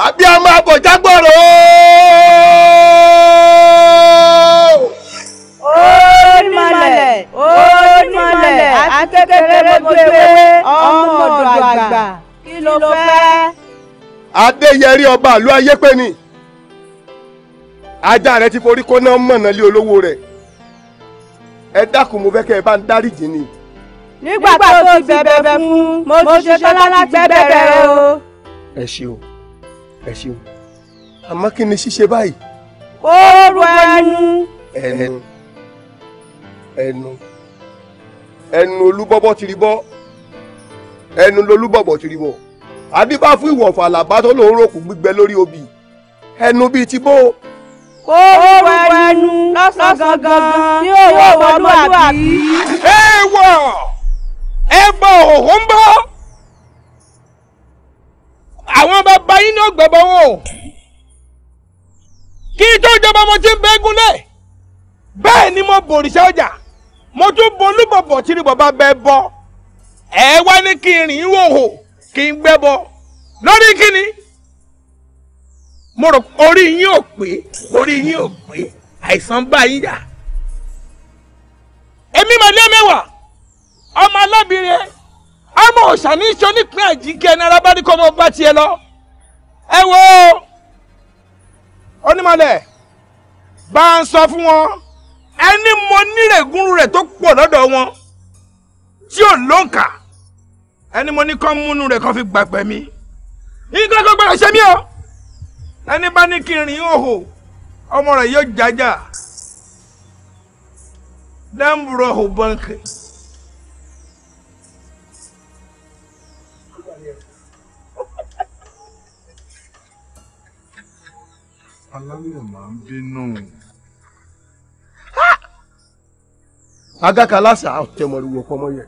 Speaker 2: àbí ọmọ àbọ̀jágbọ̀rọ̀ o.
Speaker 4: akékeré mojú ewé ọmọ ọ̀dọ̀ àgbà kí
Speaker 2: ló fẹ́. adéyẹrí ọba ìlú ayépé ni ajá rẹ ti forí kó náà mọ̀nà lé olówó rẹ̀ ẹ dákun mo fẹ́ kẹ́ ẹ bá ń dáríjì ni.
Speaker 1: nígbà tó ti bẹ̀bẹ̀ fún mo ti ṣetán láti bẹ̀rẹ̀ o.
Speaker 2: ẹ ṣeun ẹ ṣeun àmọ́ kí ni ṣíṣe báyìí.
Speaker 1: ó rú ẹnu.
Speaker 2: ẹnu ẹnu ẹnu olúbọ́bọ́ ti rí bọ́ ẹnu lolúbọ̀bọ̀ ti rí bọ̀ àdìbá fún ìwọ̀fà làbá tó lòún ròkù gbígbẹ lórí obì ẹnu bíi ti bó. kó rú ẹnu lọ́sàn-án gangan
Speaker 1: ní òwò ọmọlúwàbí. ẹ wọ ẹ bọ òun bọ
Speaker 2: àwọn bàbá yín náà gbẹ̀bọ̀ wọn kí tó jọba mo ti ń bẹ́gúnlẹ̀ bẹ́ẹ̀ ni mo bòrìṣà ọjà. mo tún bolú bọ̀bọ̀ tí ni bẹ bọ ẹ wá ní kí n rìn kí n gbẹ bọ lórí kíni mo rò orí yín ò pé orí yín ò pé àìsàn bá yín jà èmi màlẹ́ mẹ́wàá ọmọ alábìrin ọmọ ní iṣẹ́ àjíkẹ́ bá ní kọ́ lọ ẹ wo onímọ̀lẹ̀ sọ fún wọn. ẹni mo nírègùn rẹ̀ tó pọ̀ lọ́dọ̀ wọn tí ò lóǹkà ẹni mo ní kán múnú rẹ̀ kán fi gbàgbẹ́ mi nǹkan kan gbọ́dọ̀ ṣe mí o ẹni bá ní kí n rìn òhò ọmọ rẹ̀ yóò jájà dáńbùrọ̀ òhò bọ́ǹkì. aláyọ̀ máa ń bínú. agaka lásà ọ̀tẹ̀mọ̀lúwò pọmọ yẹ.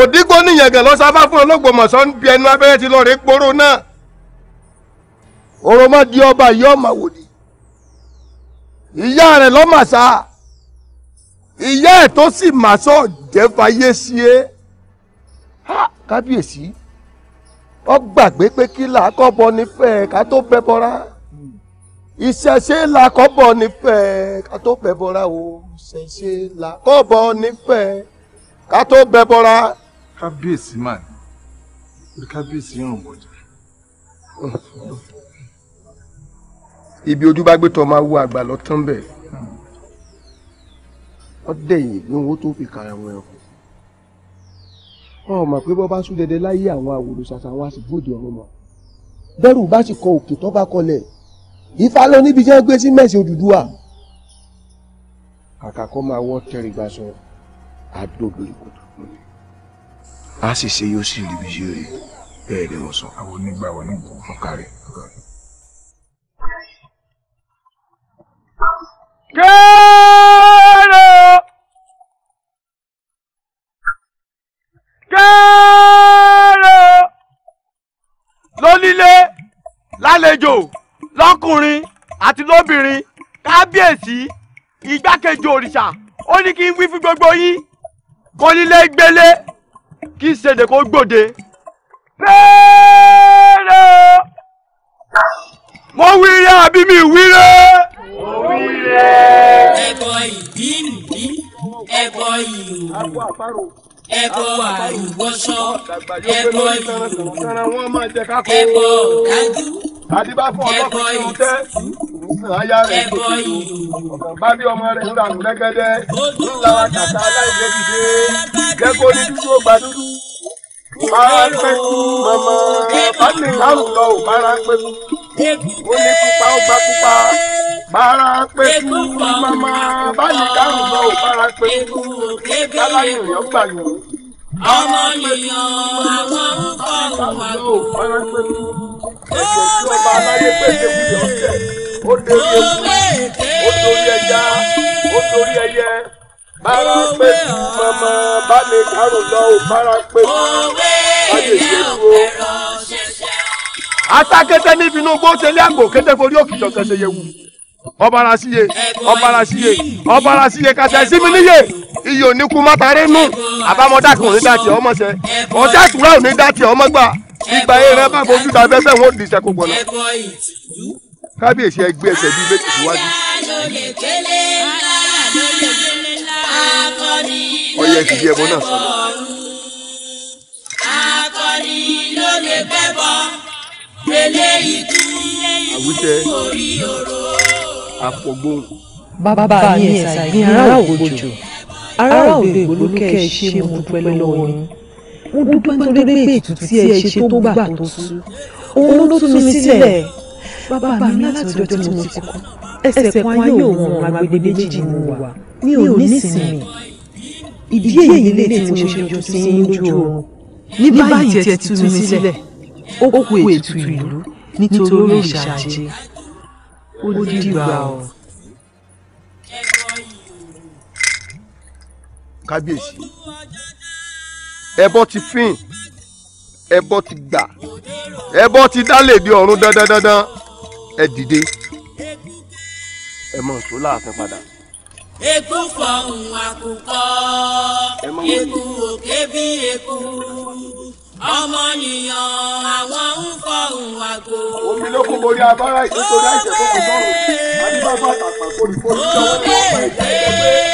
Speaker 2: òdìgbò nìyẹ̀gẹ̀ lọ́sáfá fún ọlọ́gbọ̀mọ̀sọ́ ń bi ẹnu abẹ́rẹ́ ti lọ́ọ̀rẹ́ poro náà. òròmọ di ọba yìí ọmọ wòlí. ìyá rẹ̀ lọ́màṣá ìyá ẹ̀ tó sì màṣọ́ jẹ́fàyé sí e. ha kábíyèsí ọ gbàgbé pé kí làákọ́ bọ nífẹ̀ẹ́ ká tó bẹ́ bọ́ra ìṣẹ̀ṣe la kọ́bọ̀ nífẹ̀ẹ́ ká tó bẹ̀ bọ́ra o ìṣẹ̀ṣe la kọ́bọ̀ nífẹ̀ẹ́ ká tó bẹ̀ bọ́ra. kábíyèsí mà ní kábíyèsí ràn bọ̀jà. ibi ojú bá gbé tọ́ máa wo àgbà lọ tán bẹ́ẹ̀. wọ́n dẹ̀yìn ní owó tó fi kàrà wọn ẹ̀kọ́. wọn ò mọ̀ pé bọ́ bá sún dẹdẹ láyé àwọn àwòrán ṣàṣà wọn a sì bóde ọ̀run mọ́. bẹ́rù bá sì kọ òkè tó bá kọlẹ̀ Ifá ló níbi tí wọ́n gbé sí mẹ́sì Odùduwà. Kàkà kó máa wọ́ tẹrígbà sọ àdógbò ìkòtò lónìí. A sì ṣe yóò sì rí bí ṣe rí bẹ́ẹ̀ ni wọ́n sọ. Àwọn onígbàwọ̀ ní ìbò fún kárẹ̀.
Speaker 4: Kẹ́rẹ́
Speaker 2: kẹ́rẹ́ lónílé lálejò lọ́kùnrin àti lóbìnrin kábíyèsí igbákejì òrìṣà ó ní kí n wí fún gbogbo yín kó nílé gbélé kí ṣèdè kó gbòde. fẹ́ẹ́rẹ́ mo wíire àbí mi wíire. mo wíire. ẹbọ ìbínú ẹbọ ìhòòhò ẹbọ àrùgbọ́sọ ẹbọ ìhòòhò ẹbọ ọ̀dájú àdìbá fún ọlọ́kùnrin irun tẹ́ àyà rẹ̀ tó ti lò bá bí ọmọ rẹ̀ ń dànù lẹ́gẹ́dẹ́ ńlá kàtà aláìlẹ́ dìde jẹ́kọ́ ní dúdú ó gba dúdú. Bára ń pẹ́ kú mọ̀mọ́ bámi láwùjọ ò bára ń pẹ́ kú ó ní pupa ó gba pupa. Bára ń pẹ́ kú mọ̀mọ́ bámi láwùjọ ò bára
Speaker 1: ń pẹ́ kú. Kálá yìnyín ó gbà yìnyín ọmọ nìyàn àwọn orúkọ ọmọ
Speaker 2: tó. ó wé èké ó torí ẹyẹ bára pé mọ̀mọ́ bá lè dárò lọ ò bára pé báyé ṣe dúró. atákété níbi inú gbó tẹlé àgbò kété forí òkè jọ̀kẹ́ ṣe yẹ wù ọba ara síye ọba ara síye ọba ara síye kàtà sí mi níyè iyì oníkú mátàrẹ́ nù àbámọ́dá kan ní dàtí ọmọ sẹ ọ̀tá ìtura ò ní dàtí ọmọ gbà ìgbà yẹn rẹ bá fojú ta fẹ́fẹ́ wọn ò di ìṣẹ́kù gbọ̀nà kábíyèsí ẹgbẹ́ ẹsẹ̀ bíi méjì síwájú. ọyẹ ti di ẹbọ náà sọ̀rọ̀. àwùjẹ àpògbóhùn.
Speaker 3: bàbá yẹn ṣàgbéyàwó gbòjò ará òde ìgbólúkẹ́ ẹ ṣe mo dúpẹ́ lọ́wọ́ yín mo dúpẹ́ nítorí pé ètùtù tí ẹ ṣe tó gbà tó tú òun ló tú mi sílẹ̀ bàbá mi láti ọjọ́ tí mo ti kú ẹsẹ̀ kan ayé òun ọ̀run agbègbè méjì ni mo wà mi ò nísìnyí ìdí èyí lè tí mo ṣe jọ sí yín lójú oorun ní báyìí tí ẹ tú mi sílẹ̀ ó kú ètùtù ìlú nítorí òrìṣà àjẹ
Speaker 2: ó dìgbà ọ̀. kábíyèsí ẹbọ ti fín ẹbọ ti gbà ẹbọ ti dálèdè ọ̀run dandan dandan ẹ dìde ẹ mọ̀ tó láàfin padà.
Speaker 1: Eku fọ̀hún àkùkọ, eku òkè bí eku,
Speaker 2: ọmọnìyàn àwọn ń fọ̀hún àgò. Omi ló kún borí abárá ìdókòwò láìsẹ̀ fún kòtọ́rùn, àdìbàbà àtàkùn àkórí fún oníṣẹ́ wọn ní ọ̀pá ìdájọ́ pé.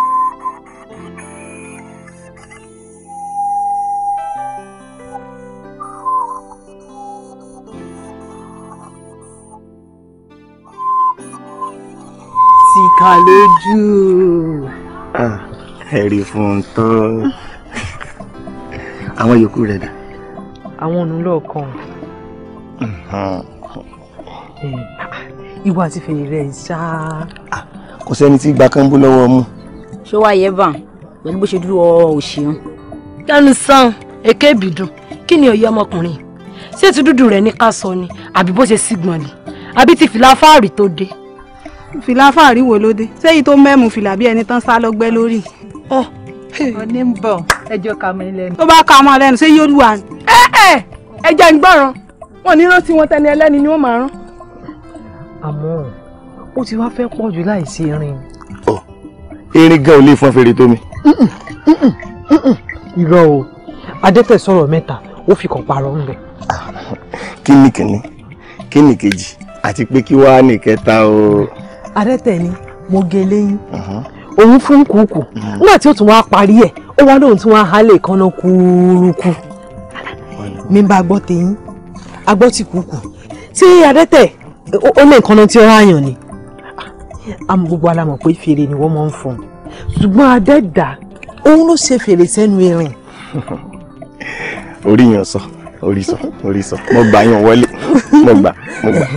Speaker 3: ti kà lójú.
Speaker 2: ẹ̀rí fún un tán àwọn yòókù rẹ̀ dà.
Speaker 3: àwọn ònúlọ̀ kan. ìwà àti fèrè rẹ̀ ń ṣá.
Speaker 2: kò sẹ́ni tí gba kánbó lọ́wọ́ mú.
Speaker 3: ṣé wàá yẹ bá pẹ̀lú bó ṣe dúró òṣèlú. kẹ́nu sàn èké ìbìdùn kí ni òye ọmọkùnrin ṣé ti dúdú rẹ̀ ní ká sọ ni àbí bó ṣe sígbọ̀n ni àbí ti fìlà fáàrí tó dé fìlà fàárí wo lóde sẹ́yìn tó mẹ́mu fìlà bí ẹni tán sá lọ́gbẹ́ lórí. Oh, ọ̀ní ń bọ̀ ẹjọ́ ká mọ́ lẹ́nu. tó bá ká mọ́ lẹ́nu ṣé yóò wà ní. ẹ ẹ ẹjẹ ń gbọ́ràn wọn ní rántí wọn tẹni ẹlẹ́ni ni wọ́n máa rán. àmọ́ ó ti wá fẹ́ pọ̀ jù láìsí irin. ọ oh,
Speaker 2: irin gan ò lè fọn fèrè tó mi.
Speaker 3: irọ́ o adẹ́tẹ̀ sọ̀rọ̀ mẹ́ta ó fi kàn parọ́ ń bẹ̀.
Speaker 2: kí ni kìnní kí ni kejì àti pé kí wàá nìkẹta o
Speaker 3: adẹ́tẹ̀ ni mo gé e léyìn òun fún kùkù nígbà tí ó tún wáá parí ẹ̀ ó wá lóun tí wọ́n á hálẹ̀ ìkànnà kúrúkú mi bá gbọ́ tẹ̀yìn agbọ́ ti kùkù tí adẹ́tẹ̀ ó lè ìkànnà tí ó ráyàn ni ah, àmọ́ gbogbo alamọ̀ pé fèrè ni wọ́n máa ń fún un ṣùgbọ́n adẹ́dà òun ló ṣe fèrè sẹ́nu irin.
Speaker 2: orí yan sọ orí sọ orí sọ mo gbà yan wọlé mo gbà mo gbà.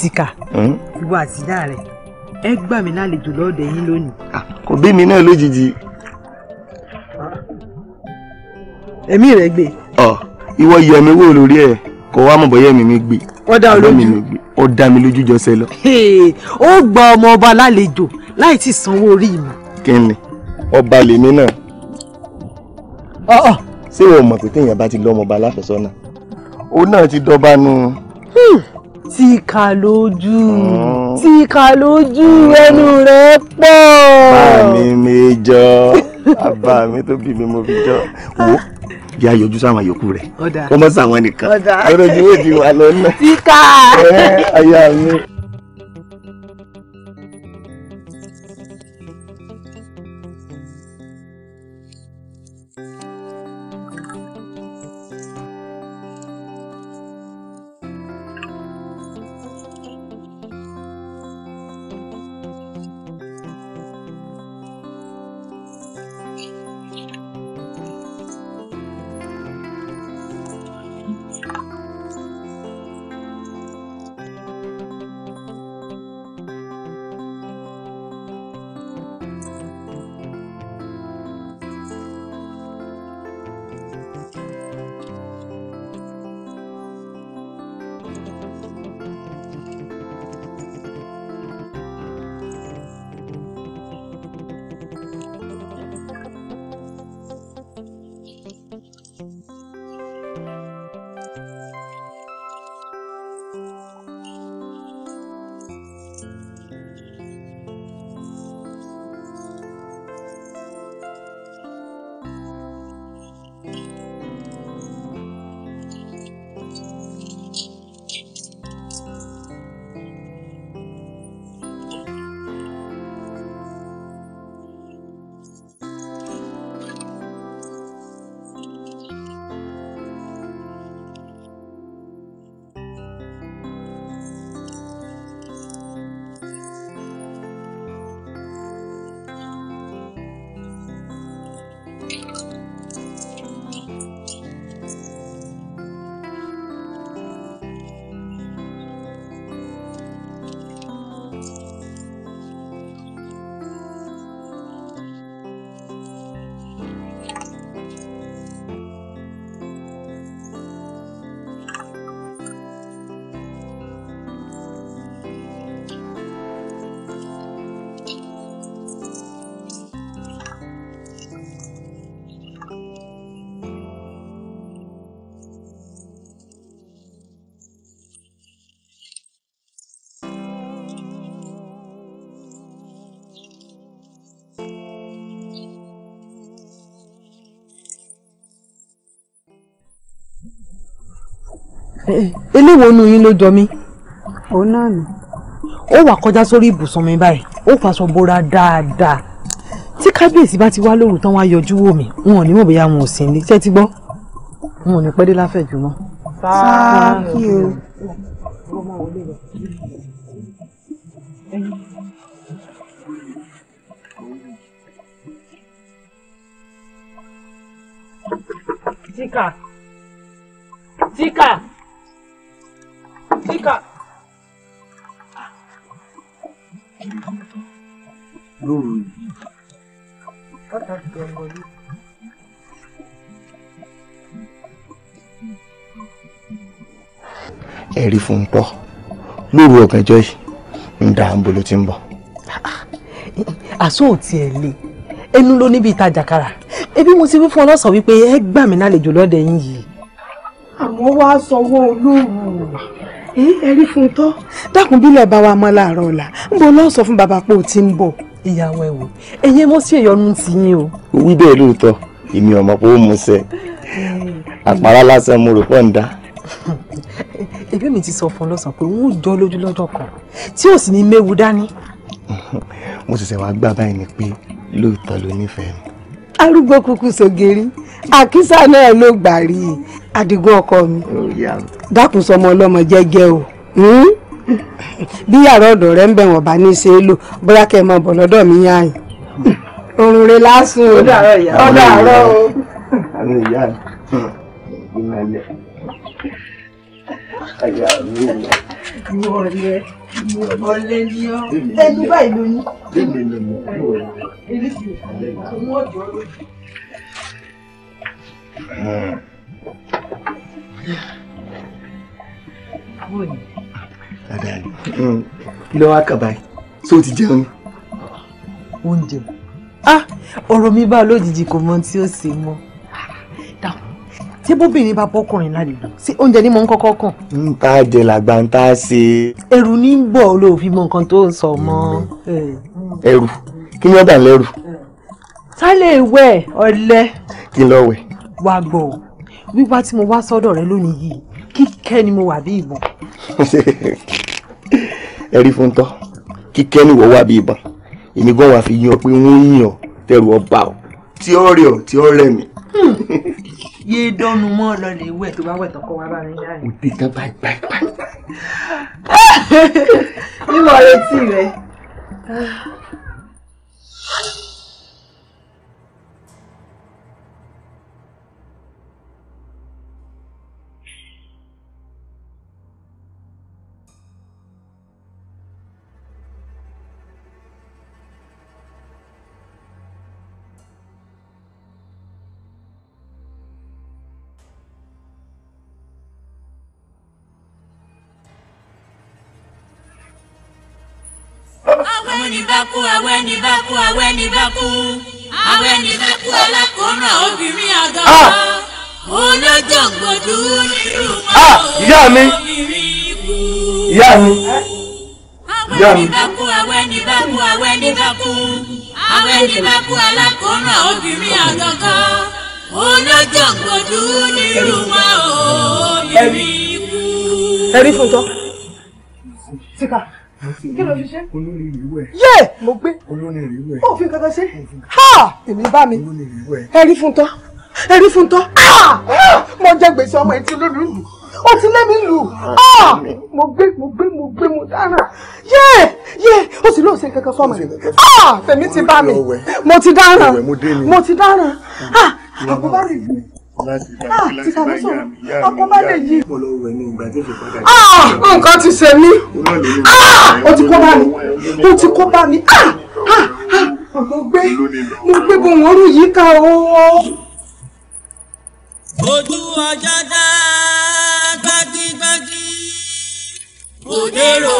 Speaker 2: tìkà hmm?
Speaker 3: ìwọ àtìdá rẹ ẹ gbà mí lálejò lọ́dọ̀ yín lónìí.
Speaker 2: kò bí mi náà lójijì. ẹ̀mí rẹ̀ gbé. ọ ìwọ yẹmi wò lórí ẹ kò wá mọ̀ bọ́yẹ̀ mi mi gbé. ó dá olójú ó dá mi lójú jọsẹ lọ. ó gba ọmọ ọba lálejò láì tí sanwó orí mi. kí ni ọba lèmi náà. ṣé o mọ̀ pé téèyàn bá ti lọ́mọba láfẹ́sọ́nà òun náà o dọ́ba nù.
Speaker 3: Hmm tíkà lójú oh. tíkà lójú ẹnu rẹ
Speaker 4: pọ̀.
Speaker 3: bàmí
Speaker 2: mi jọ bàbá mi tó bí mi mo fi jọ wò yà yọjú sáwọn yòókù rẹ ọmọ sáwọn nìkan ọdọ ju èdè wà lọ náà. tíkà. ẹ ayé mi.
Speaker 3: eléwo nu yín ló jọ mí. òun náà nì. ó wà kọjá sórí ibùsùn mi báyìí ó fàṣọ bora dáadáa tí kábíyèsí bá ti wá lóru tán wá yọjú wò mí wọn ò ní mọ̀ bóyá wọn ò sí ní ṣé ti gbọ́ wọn ò ní pẹ́ dé láfẹ̀jù mọ́. sáà kí o.
Speaker 2: rí fún pọ̀ lóru ọ̀gànjọ́ yìí ń da àǹbò ló ti ń bọ̀.
Speaker 3: àsùn ò tiẹ̀ le ẹnu ló níbi ìta jàkàrà ebi mo ti wí fún ọ lọ́sàn-án wípé ẹ gbà mí lálejò lọ́dẹ yín yìí.
Speaker 1: àmọ́ wàá sanwó olóòrùn ẹ
Speaker 3: rí fún un tọ́. dákun bílẹ̀ bá wa mọ́ láàárọ̀ ọ̀la ń bọ̀ lọ́ọ́ fún bàbá pé ó ti ń bọ̀. ìyàwó ẹ wò ẹyẹ mọ sí ti yín o.
Speaker 2: wí bẹ́ẹ̀ lóòótọ́ èmi ọmọ pé ó mú sẹ́ àpárá lásán mo rò pọ̀ ń dá
Speaker 3: ẹbí mi ti sọ fún un lọ́sàn-án pé òun jọ lójú lọ́jọ́ kan tí ò sì ní méwu dání.
Speaker 2: mo ṣẹ̀ṣẹ̀ wá gbà báyìí ni pé lóòótọ́ ló nífẹ̀ẹ́ mi.
Speaker 1: arúgbó kúkú sògèrè àkísà náà ló gbà rí i adigun ọkọ mi dákun sọmọ ọlọ́mọ jẹ́jẹ́ o hmm? bí yàrá ọ̀dọ̀ rẹ ń bẹ̀ wọ́n bá ní í ṣe é lò bóyá kẹ́ ẹ mọ bọ̀ lọ́dọ̀ mi yàn yìí òrùn rẹ lásùn o ọ̀dọ̀
Speaker 2: àyà mi ò lọ.
Speaker 3: ìwọ rẹ ìwọ ọlẹ ni ọ ẹni báyìí ló ní. lèmi ni mo kú ọ. eléyìí owó ọjọ́ ló.
Speaker 2: Dada ni. Kí ló wá kà báyìí? Ṣé o ti jẹun?
Speaker 3: Oúnjẹ. Ah! Ọ̀rọ̀ mi bá lójijì kò mọ tí ó ṣe mọ́ tí bóbìnrin bá bọ́kùnrin lálejò sí oúnjẹ ni mò ń kọ́kọ́ kàn.
Speaker 2: ń tá a jẹ làgbà ń tá a ṣe. ẹrù ní ń bọ̀ olóòfin mọ nǹkan tó ń sọ
Speaker 3: mọ́. Mm. Eh.
Speaker 2: ẹrù kí ni ọ̀dà lẹ́rù.
Speaker 3: sálẹ̀ ìwẹ̀ ọ̀lẹ́. kí lọ wẹ̀. wá gbọ́ o wíwá tí mo wá sọ́dọ̀ rẹ lónìí yìí kíkẹ́ ni mo wà bí ìbọn.
Speaker 2: ẹ̀rí fún tọ́ kíkẹ́ ni wọ́n wà bí ìbọn èmi gan wà fi yan pé wọ́n yàn tẹ̀rù ọba o tí ó rẹ̀ ọ́ tí ó rẹ̀ mí.
Speaker 4: Hmm.
Speaker 3: yé dọ́nu mọ́ lọ lè wẹ̀ tó bá wẹ̀ tán kọ́ wá bá mi yá
Speaker 2: yìí. òde tán báyìí báyìí báyìí.
Speaker 3: nígbà retí rẹ.
Speaker 4: ni bá kú awẹ́ ni bá kú awẹ́ ni bá kú awẹ́ ni bá kú alákòóràn obìnrin àgọ́ ah! olójàngbọ̀dù nínú mọ́ ah! obìnrin
Speaker 2: kú. ìyá mi
Speaker 1: ìyá mi. awẹ́ ni bá kú awẹ́ ni bá kú awẹ́ ni bá kú awẹ́ ni bá kú alákòóràn obìnrin àgọ́gọ́ olójàngbọ̀dù nínú mọ́ obìnrin kú. ẹ rí fún tọ́ síkà kí ló fi ṣe. olórin ìlú ẹ. yé mo gbé. olórin ìlú ẹ. òfin kankan ṣe. ha èmi bá mi. ẹrí fún tán ẹrí fún tán. mo jẹ gbèsè ọmọ etí olórin ìlú o ti lé mi lù mo gbé mo gbé mo gbé mo dára yé yé o sì lóò ṣe kankan fọmọ rẹ fẹmi ti bá mi mo ti dára mo ti dára àkóbá rẹ
Speaker 2: Ah, ọkọ bá lè yí. nǹkan ti ṣe mí ó ti kó bá mi
Speaker 1: ó ti kó bá mi mo ah, ah, gbé mo gbé bòun orú yìí ká o. ojú ọjọ́ dá gbágígbágí òdèrò.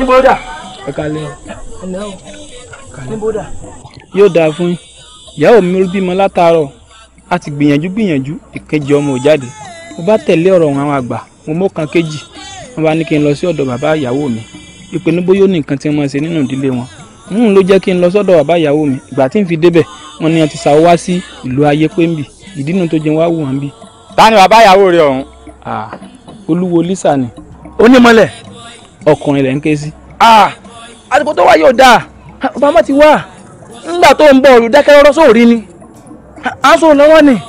Speaker 4: níbo
Speaker 2: dà. ẹ kalẹ o.
Speaker 3: ẹnlẹ o níbo dà.
Speaker 2: yóò dáa fún ìyàwó mi ló bímọ látàárọ̀ a ti gbìyànjú gbìyànjú ìkejì ọmọ ò jáde mo bá tẹ̀lé ọ̀rọ̀ àwọn àgbà mo mọ́ kan kejì wọ́n bá ní kí n lọ sí ọ̀dọ̀ bàbá ìyàwó mi ìpinnu bóyá ó ní nǹkan tí wọ́n máa ṣe nínú ìdílé wọn òun ló jẹ́ kí n lọ sọ́dọ̀ bàbá ìyàwó mi ìgbà tí n fi débẹ̀ wọ́n ní wọ́n ti sá wá sí ìlú ayé pé ń bì ìdí nu tó jẹun wá wù wọ́n bì. ta ni bàbá ìyàwó rẹ ọ̀hún. olúwo lisa ni. onímọ̀lẹ̀ ọkùnrin rẹ̀ ń ké sí. àdìpọ̀ tó wá yóò ti wá nígbà tó ń bọ̀ olùdákẹ́ ni lọ́wọ́ ni.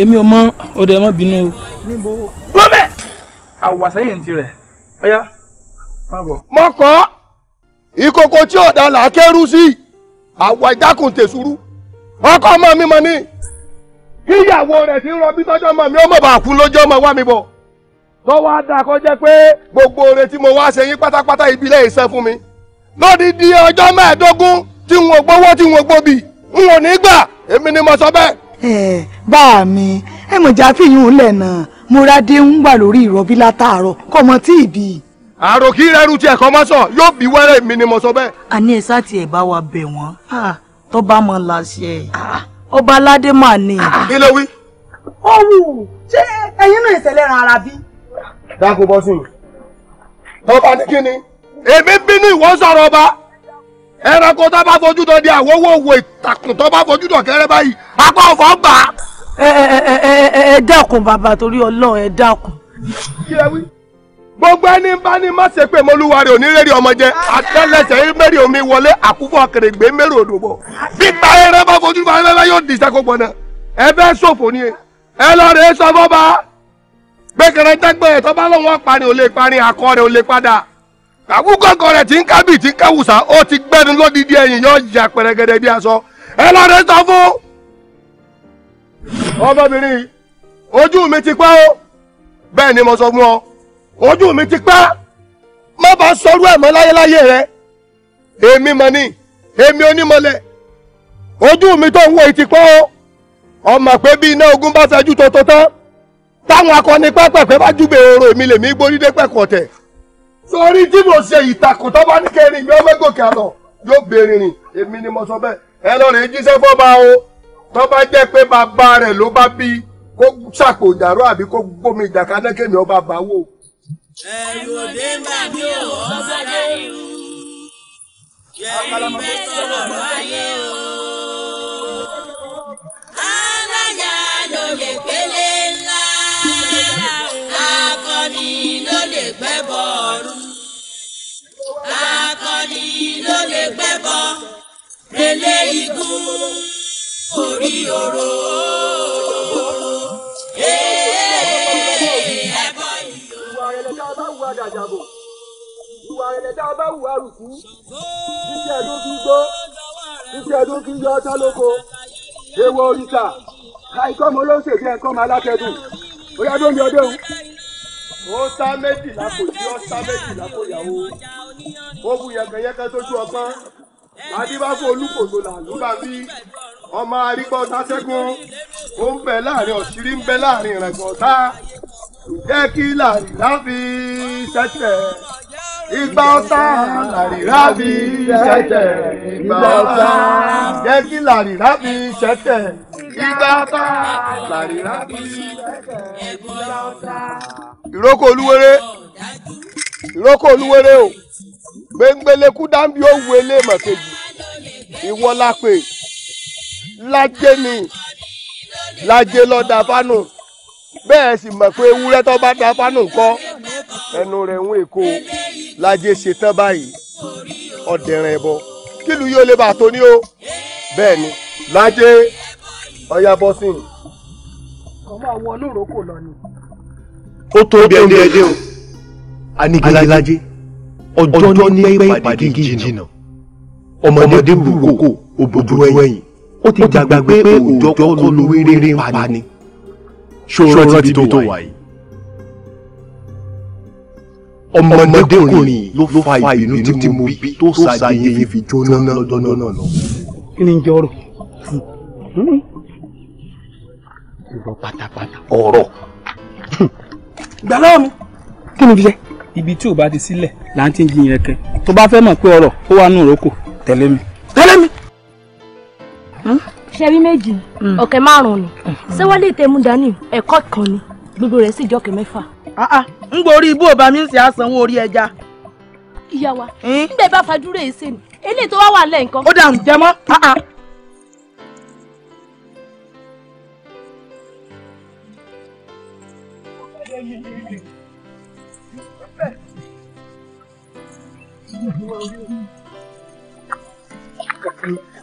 Speaker 2: èmi ò mọ o. àwàsẹ́yìn tirẹ̀ ọ̀yá má bọ̀. ìkòkò tí ọ̀dà là ọkọ ọmọ mi mọ ní. kíyàwó rẹ̀ ti rọbí tọ́jọ́ ọmọ mi tó wá dáa kó jẹ́ pé. gbogbo oore tí mo wá ṣe yín pátápátá ìbílẹ̀ ìṣe fún mi lódìdí ọjọ́ mẹ́ẹ̀ẹ́dógún tí n ò gbowó tí n ò gbòbì n ò ní gbà èmi ni mo sọ bẹ́ẹ̀. ẹ bá mi ẹ mọ̀ já fìyún lẹ́nà mo ra
Speaker 3: dé ń wà lórí ìrọbí látàárọ̀ kọ́ mọ tí ìbí.
Speaker 2: àrò kí rẹ́rù tiẹ̀ kọ́ mọ́ sọ yóò bí wẹ́rẹ́ mi ni mo sọ bẹ́ẹ̀. a ní ẹ̀sà tí ẹ̀ bá wa bẹ̀ wọ́n tó bá mọ láṣẹ
Speaker 1: ọba aládé mà ní. kí ló wí. ó wù ú ṣé ẹyin náà ìṣẹ̀lẹ̀
Speaker 2: ran ara bíi dákun bọ́ sí mi. tọ́ba ní kíni. èmi bínú ìwọ sọ̀rọ̀ ọba ẹranko tó bá fojú dán di àwòwò wo ìtàkùn tó bá fojú dán kẹrẹ báyìí apá ọ̀fọ̀ gbà. ẹ ẹ ẹ ẹ dákun bàbá torí Ọlọ́run ẹ dákun. kí ẹ wí gbogbo ẹni bá ní má ṣe pé mọlúwarẹ onírèrè ọmọ àtẹlẹsẹ mẹrin omi wọlé àkúfọ kèrègbè mẹrin òdòbọ gbígba ẹran bá fojú balẹ̀ yóò dìṣẹ́ kó gbọ́n náà ẹ fẹ́ ṣòfò ni ẹ lọ rẹ sọ fọ́ gbẹ̀kẹ̀rẹ̀ tẹ́gbẹ̀ ẹ̀ tó bá lóun ọ̀parin ò lè parin akọ rẹ̀ ò lè padà àwùkọ̀kọ̀ rẹ̀ tí ń kábì tí ń káwùsà ó ti gbẹ́nu lódìdí ẹ̀yìn yóò yà pẹ̀rẹ̀gẹ̀dẹ̀ bí aṣọ ẹ lọ rẹ sọ fún. ọmọbìnrin ojú mi ti pẹ́ o bẹ́ẹ̀ ni mo sọ fún ọ ojú mi ti pẹ́ má bàa sọrú ẹ̀ mọ́ láyéláyé rẹ èmi ni èmi onímọ̀lẹ̀ ojú mi tó ń o ọmọ pé bí iná ogun bá tó táwọn akọni pẹ́pẹ́pẹ́ bá júbẹ̀ oró èmi lèmi gbórí dé pẹ̀kọ̀ tẹ̀. sórí tí mo ṣe ìtàkùn tó bá ní kẹrin mi ọmọ gòkè àlọ yóò béèrè rìn èmi ni mo sọ bẹ́ẹ̀ ẹ lọ rè jíṣẹ́ fọ́ba o tó bá jẹ́ pé bàbá rẹ̀ ló bá bí kó ṣàpò ìdàrú àbí kó gbómi ìdàkadẹ́ kémi ọba bá wò. ẹ̀rù
Speaker 4: òde ń bà mí ò ọ̀sádà irú yẹ̀rì bẹ́ẹ̀ sọ̀rọ̀ ayé o. ló lè gbẹ́bọ relé igun orí òró.
Speaker 2: Ìwà rẹ̀ dá ọba wù arùkú. Iṣẹ́ ẹ̀dùn kí gbó. Iṣẹ́ ẹ̀dùn kí yọ ọtá lóko. Èèwọ̀ òrìṣà. Àìkọ́mọ ló ń ṣèjẹ́ ẹ̀kọ́mọ alátẹ̀dùn. Ó yá dóńgbé ọdún ó sá méjìlá kò jí ó sá méjìlá kò yàwó ó bu yẹkẹyẹkẹ tó ju ọgbọ́n adébáfò olúkòso là ló bá bí ọmọ arígbọ́ta sẹ́gun ó ń bẹ láàrin ọ̀sírí ń bẹ láàrin ìrẹ̀gbọ̀ta jẹ́ kí làrìlá fi ṣẹ̀ṣẹ̀ ìgbà ọ̀tá làrìlá fi ṣẹ̀ṣẹ̀ ìgbà ọ̀tá jẹ́ kí làrìlá fi ṣẹ̀ṣẹ̀
Speaker 4: ọ̀tá làrìlá fi ṣẹ̀ṣẹ̀
Speaker 2: ìrókò olúwere ìrókò olúwere o dáńbí òwú bẹ́ẹ̀ sì mọ̀ pé ewúrẹ́ tó bá ta fánù ńkọ́ ẹnu rẹ̀ ń èkó lajẹ́ ṣe tán báyìí ọ̀dẹ̀rìn ẹ̀bọ kílù yóò lè bàtó ní o bẹ́ẹ̀ ni lajẹ́ ọ̀yà bọ́sìn. ọmọ àwọn olóròkò lọ ni. ó tó bí ẹni ẹdẹ o anigilajẹ ọjọ́ ní pẹ́ ìpàdé jìnnà ọmọdé burúkú òbòdó ẹ̀yìn ó ti gbàgbé pé òòjọ́ kọ́ ló wéré ń pa ni ṣòro rántí bí tó wà yìí. ọmọdékùnrin ló fa ìbínú tí mo bí tó ṣàyè yìí fi jóná lọ́dọ́ lọ. kí ni jọrọ ọ̀rọ̀ pátápátá ọ̀rọ̀. gbà mi kí ni fi ibi tí o bá ti sílẹ̀ là ti ń jiyàn kẹ tó bá fẹ́ mọ̀ pé ọ̀rọ̀ ó wà nù rókò tẹ̀lé mi. tẹ̀lé mi.
Speaker 1: ṣẹ́rí
Speaker 3: méjì hmm. ọ̀kẹ́ márùn-ún ni hmm. ṣé wọ́n dání ẹ̀kọ́ kan ni gbogbo rẹ̀ sì jọ́kẹ́ mẹ́fà. ń ah, ah. gborí ibú ọba mi ń ṣe àsanwó orí ẹja.
Speaker 1: ìyá wa hmm? nígbà bá fàdúrà èyí ṣe ni eléyìí tó wá wà lẹ́ẹ̀kan. ó mọ́.
Speaker 4: Ah,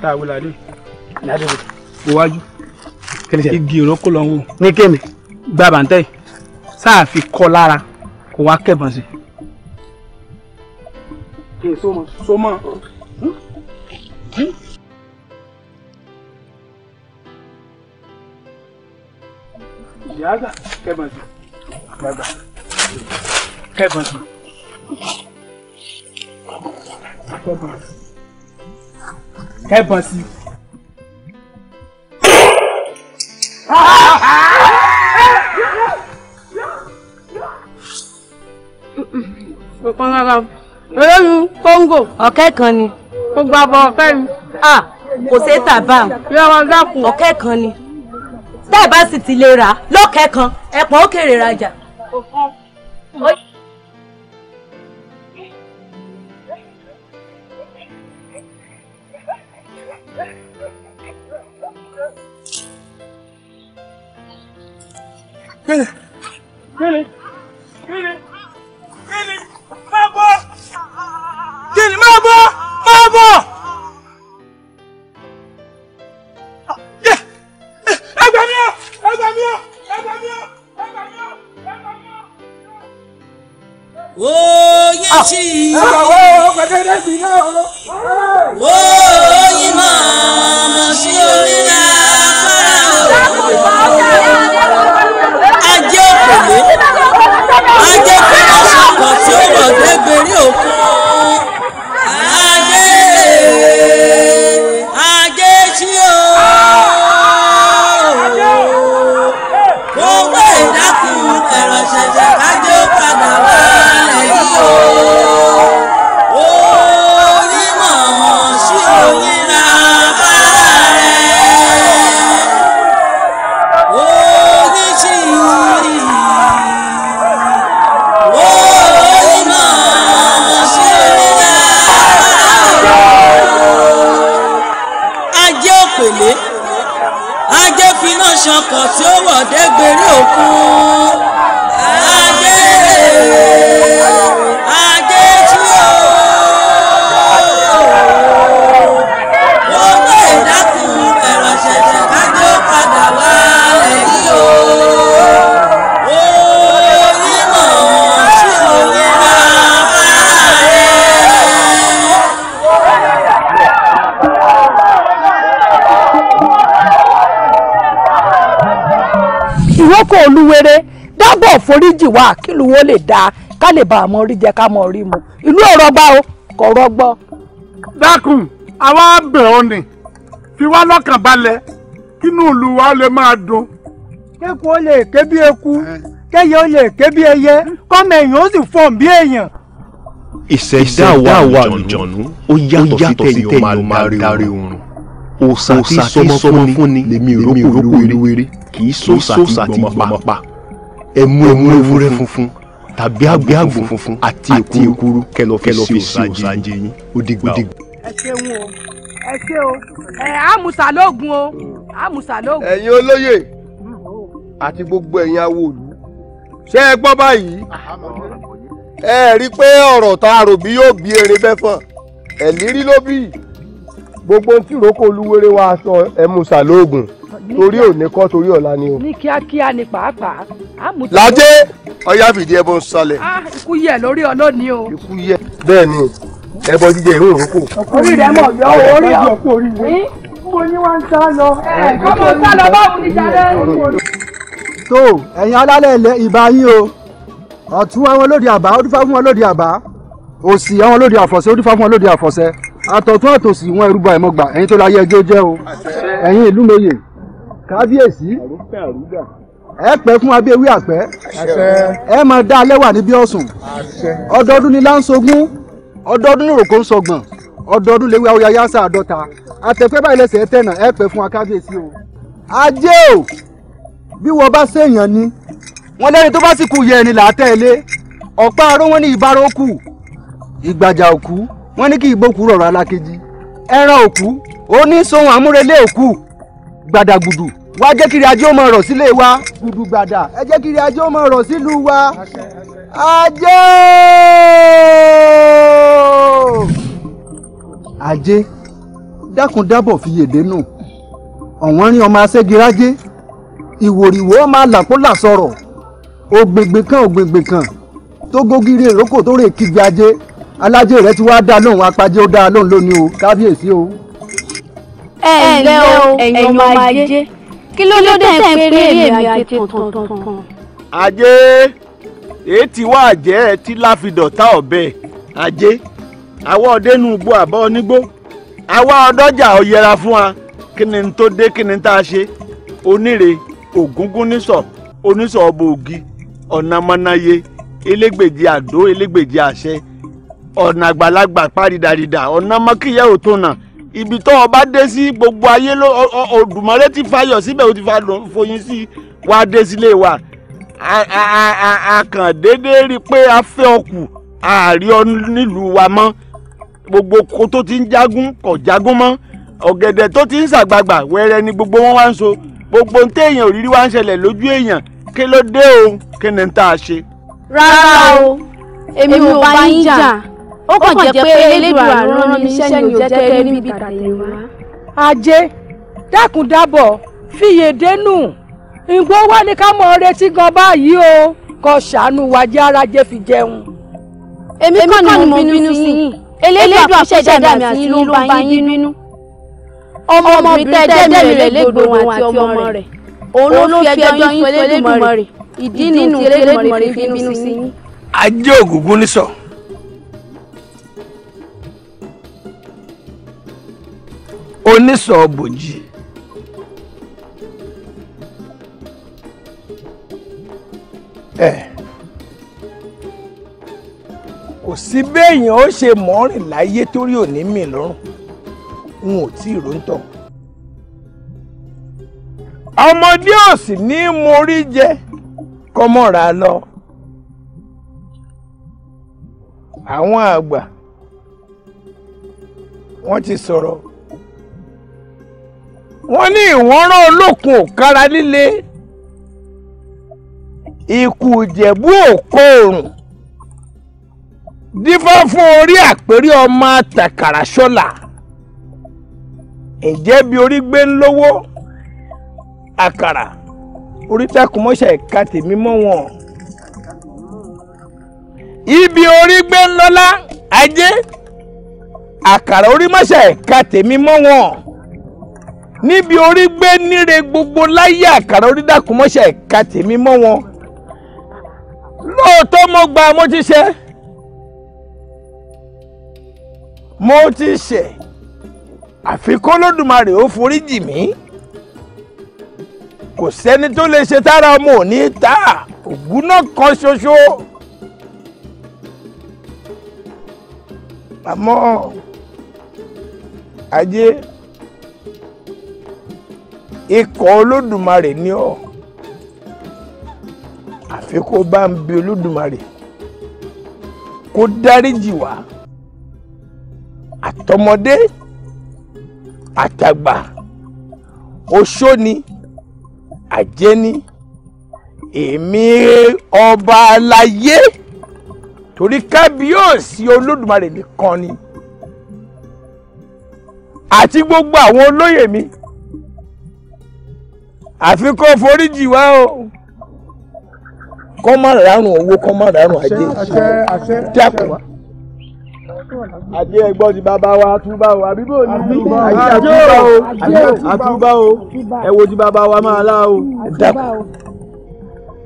Speaker 2: ta wo lade iwájú igi ìrókò lọ ń wò. ní kéèmì. gba bàǹtẹ́ sáà fi kọ́ lára kó wá kẹ́bọ̀n sí. kí n ìyá àgbà kẹ́bọ̀n sí àgbàgbà kẹ́bọ̀n sí kẹ́bọ̀n sí kẹ́bọ̀n sí.
Speaker 1: Ọ̀kan rárá o. Olóyún Kóńgò. Ọ̀kẹ́ kan ni. Gbogbo àbọ̀ ọ̀kẹ́ mi. Ah, kò ṣeé tà bá. Yọ̀wọ̀ dákun. Ọ̀kẹ́ kan ni tẹ́ ẹ bá sì ti lè rà lọ́kẹ́ kan ẹ̀pọ̀n òkèèrè rajà. Kíni
Speaker 4: kíni kíni kíni máa bọ̀ kíni máa bọ̀ máa bọ̀. méjì.
Speaker 1: tí ó wọ̀ dẹ́gbẹ̀rẹ́ òkun. kó olúwere dábọ̀ foríjì wa kílù wo lè daa ká lè bá ká mu
Speaker 2: ìlú ọ̀rọ̀ bá o kò rọgbọ. dákun àwa bẹ̀ ọ́ ni fi wá lọ́kàn balẹ̀ kínú ìlú wa lè máa dùn. kéku ó lè ké bí eku kéye ó lè ké bí ẹyẹ kọ́mọ èèyàn ó sì fọ̀n bí èèyàn. ìṣẹ̀dá wa jọ̀nù ó yàtọ̀ sí tẹ̀yìn ó máa oorun sọmọ fún ni lèmi kì í sòsà àti pàpà ẹmu ẹmu ewúrẹ́ funfun tàbí àgbò funfun àti èkúrú kẹlọ fi sí òsàjẹ yín ó dìgbà ó. ẹ ṣeun o ẹ ṣe o
Speaker 1: ẹ àmùsà lóògùn o àmùsà lóògùn.
Speaker 2: ẹ̀yin olóyè àti gbogbo ẹ̀yin awòlú ṣé ẹ gbọ́ báyìí ẹ rí i pé ọ̀rọ̀ tá a rò bí yóò bí eré bẹ́fọ̀n ẹ̀ lérí ló bí gbogbo tí ìrókò olúwerè wa sọ ẹ̀mùsà lóògùn torí òní kọ́ torí ọ̀la ni o.
Speaker 1: ní kíákíá ni pàápàá. lajẹ
Speaker 2: ọyá fìdí ẹbọ ń sọlẹ. ikú yẹ lórí ọlọ́ni o. ikú yẹ bẹ́ẹ̀ ni ẹbọ jíjẹ ìwé òrókò. orí rẹ mọ yọ orí ọ
Speaker 1: mo ní wá ń sá lọ. ọmọ sá lọ báwo ni jàre.
Speaker 2: tó ẹ̀yin alálẹ̀ ilẹ̀ ìbá yín o ọ̀tún àwọn olóde àbá ó dúfá fún wọn lóde àbá òsì àwọn olóde àfọ̀sẹ́ ó dúfá fún wọn lóde àfọ̀sẹ́ àtọ̀tún àtòsì wọn ẹrúbọ ẹ̀mọ́gbà ẹ̀yin tó láyé ẹgbẹ́ jẹ́ o ẹ̀yin ìlú mẹ́yẹ kábíyèsí ẹ pẹ́ fún abéwí àpẹ́ ẹ máa dá alẹ́ wà níbí ọ̀sùn ọdọọdún ni láǹṣogún ọdọọdún ní òròkó ń sọgbọ̀n ọdọọdún lèwe àwọn yàyà sáà dọ́ta àtẹ̀pẹ́ báyìí lẹ́sẹ̀ tẹ̀nà ẹ pẹ́ fún akábíyèsí o. ajé o bí wọ́n bá ṣèèyàn ni wọ́n lẹ́ni tó bá sì kú yẹ ẹni là á tẹ̀lé ọ̀pá aró wọn ní ìbára òkú ìgbàjà òkú wọn ní kí ìgbókù rọ̀rọ̀ alákejì ẹran òkú oníṣòwò àmúrelé òkú gbàdàgùdù wá jẹ́ kiri ajé ó mọ̀ rọ̀ sílé wa gbùgbù gbàdà ẹ jẹ́ kiri ajé ó mọ̀ rọ̀ sílùú wa ajé ajé dákun dábọ̀ fi yèdè nù ọ̀wọ́n rin ọmọ aṣẹ́girájé ìwòrìwò ọmọ alàpólà sọ̀rọ̀ ògbègbè kan ògbègbè kan tó gógiri ìrókò tó rè kígbe ajé alájẹ rẹ ti wá dá lóhùn apájé ó dá lóhùn lónìí o kábíyèsí o.
Speaker 4: ẹ ǹlẹ́ o ẹ̀yin ọmọ ajé kí ló dé tẹ̀ ń péré èmi ajé tọ̀tọ̀tọ̀.
Speaker 2: ajé ètí wá jẹ́ ẹ tí láfidọ̀ tá ọ̀bẹ ajé àwa ọdẹnu igbó àbọ̀ onígbó àwa ọdọ́jà ó yẹra fún wa kí ni tó dé kí ni tá a ṣe onírè ògúngún nísọ̀ onísọ̀ ọba ògì ọ̀nàmọ́náyé elégbèjì àdó elégbèjì àṣẹ ọ̀nà àgbàlagbà páridarida ọ̀nà mọ́kìyà òtún náà ibi tó o bá dé sí gbogbo ayé ló Òdùmarè ti fayọ̀ síbẹ̀ ó ti fa foyín sí wá dé sílé wa a kàn déédéé rí i pé a fẹ́ ọkù ààrí ọ nílùú wa mọ́ gbogbo ko tó ti ń jagun kò jagun mọ́ ọ̀gẹ̀dẹ̀ tó ti ń ṣàgbàgbà wẹ́rẹ́ ni gbogbo wọn wá ń so gbogbo téèyàn òrírí wá ń ṣẹlẹ̀ lójú èèyàn kí ló dé o kí ni tá a ṣe.
Speaker 1: rárá o èmi ò bá yín jà ó kàn jẹ́ pé elédùà rán mi iṣẹ́ ni ò jẹ́ kẹ́ rí bí tàtẹ̀wá. ajé dákun dábọ̀ fìyè dénú ìgbó wà ní ká mọ retí gan báyìí o kò ṣàánú wa jẹ́ ara jẹ́ fi jẹun. èmi kàn ní mo bínú sí yìí elédùà fún ṣẹ̀dá mi àti ló ń bá yín bínú. ọmọbìnrin tẹ́ jẹ́mi rẹ̀ lẹ́gbọ̀n àti ọmọ rẹ̀
Speaker 2: òun ló fi ẹjọ́ yín fún Elédùmarè
Speaker 1: ìdí nínú tí Elédùmarè fi bínú sí yín.
Speaker 2: ajé ògúngún ní sọ. onísọ̀ọ́bòjì. ẹ eh. kò sí béèyàn ó ṣe mọ́rin láyé torí òní mi lọ́rùn n ò tí ì róńtọ̀. ọmọdé ò sì ní morí jẹ kọmọra lọ. àwọn àgbà wọn ti sọrọ. wọ́n ní ìwọ́nrán olókun òkára líle ikú ìjẹ̀bú òkó òrùn dífá fún orí àpérí ọmọ àtàkàrà ṣọ́là ǹjẹ́ bí orí gbé ń lówó àkàrà orí takumọ́ṣẹ́ ẹ̀ka tèmi mọ́ wọn ibi orí gbé ń lọ́lá ajé àkàrà orí mọ́ṣẹ́ ẹ̀ka tèmi mọ́ wọn níbi orí gbé níre gbogbo láyé àkàrà orí dàkúmọ́ṣẹ́ ẹ̀ka tèmi mọ́ wọn lóòótọ́ mo gbà mo ti ṣe mo ti ṣe àfikún lódùmarè ó forí jì mí kò sẹ́ni tó lè ṣe tára ọmọ òní ta ògúnná kan ṣoṣo àmọ́ ajé ikọ̀ olódùmarè ní ọ́ àfi kó bá ń bi olódùmarè kó dáríjì wá àtọmọdé àtàgbà oṣóni àjẹni èmi ọba aláyé torí kábíyèsí olódùmarè nìkan ni àti gbogbo àwọn olóyè mi àfi kó foríjì wá o kó má rárùn owó kó má rárùn ajé tí a kò wá. Àjẹ ẹgbọ́n ti bàbá wa àtúbà o àbíbò ní àjẹ àtúbà o ẹ wo ti bàbá wa máa lá o.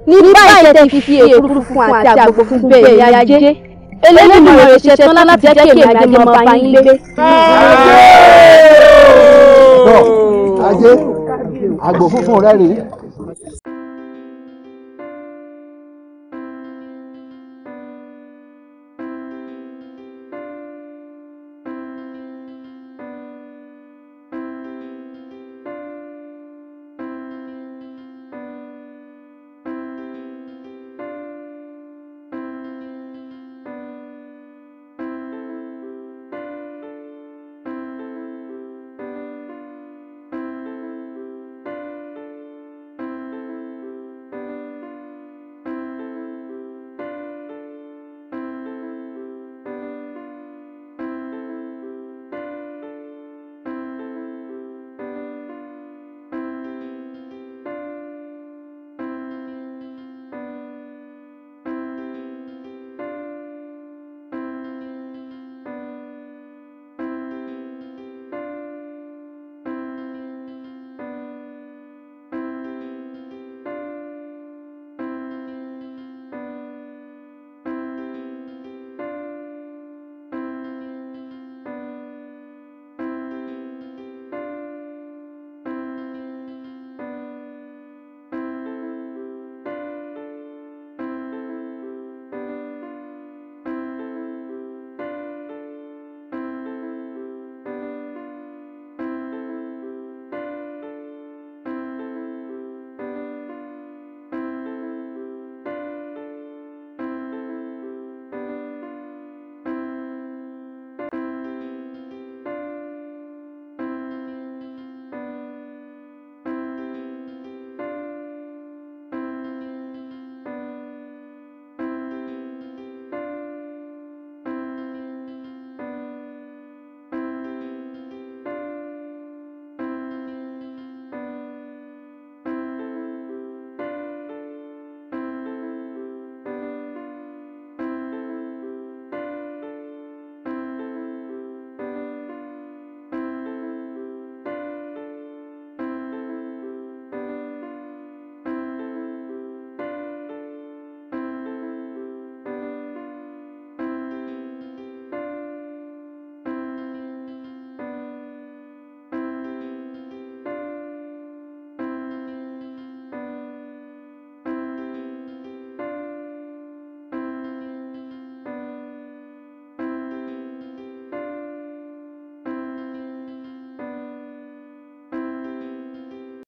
Speaker 2: Ní báyìí tẹ́ fi fi èkúrú fún àti àgbògbò fún bẹ́ẹ̀ ní ajé. Eléyìí ni mo lè
Speaker 1: ṣe tán láti jẹ́ kí èmi ajé máa bá yín lé.
Speaker 2: Ajé! àgbò rẹ rèé.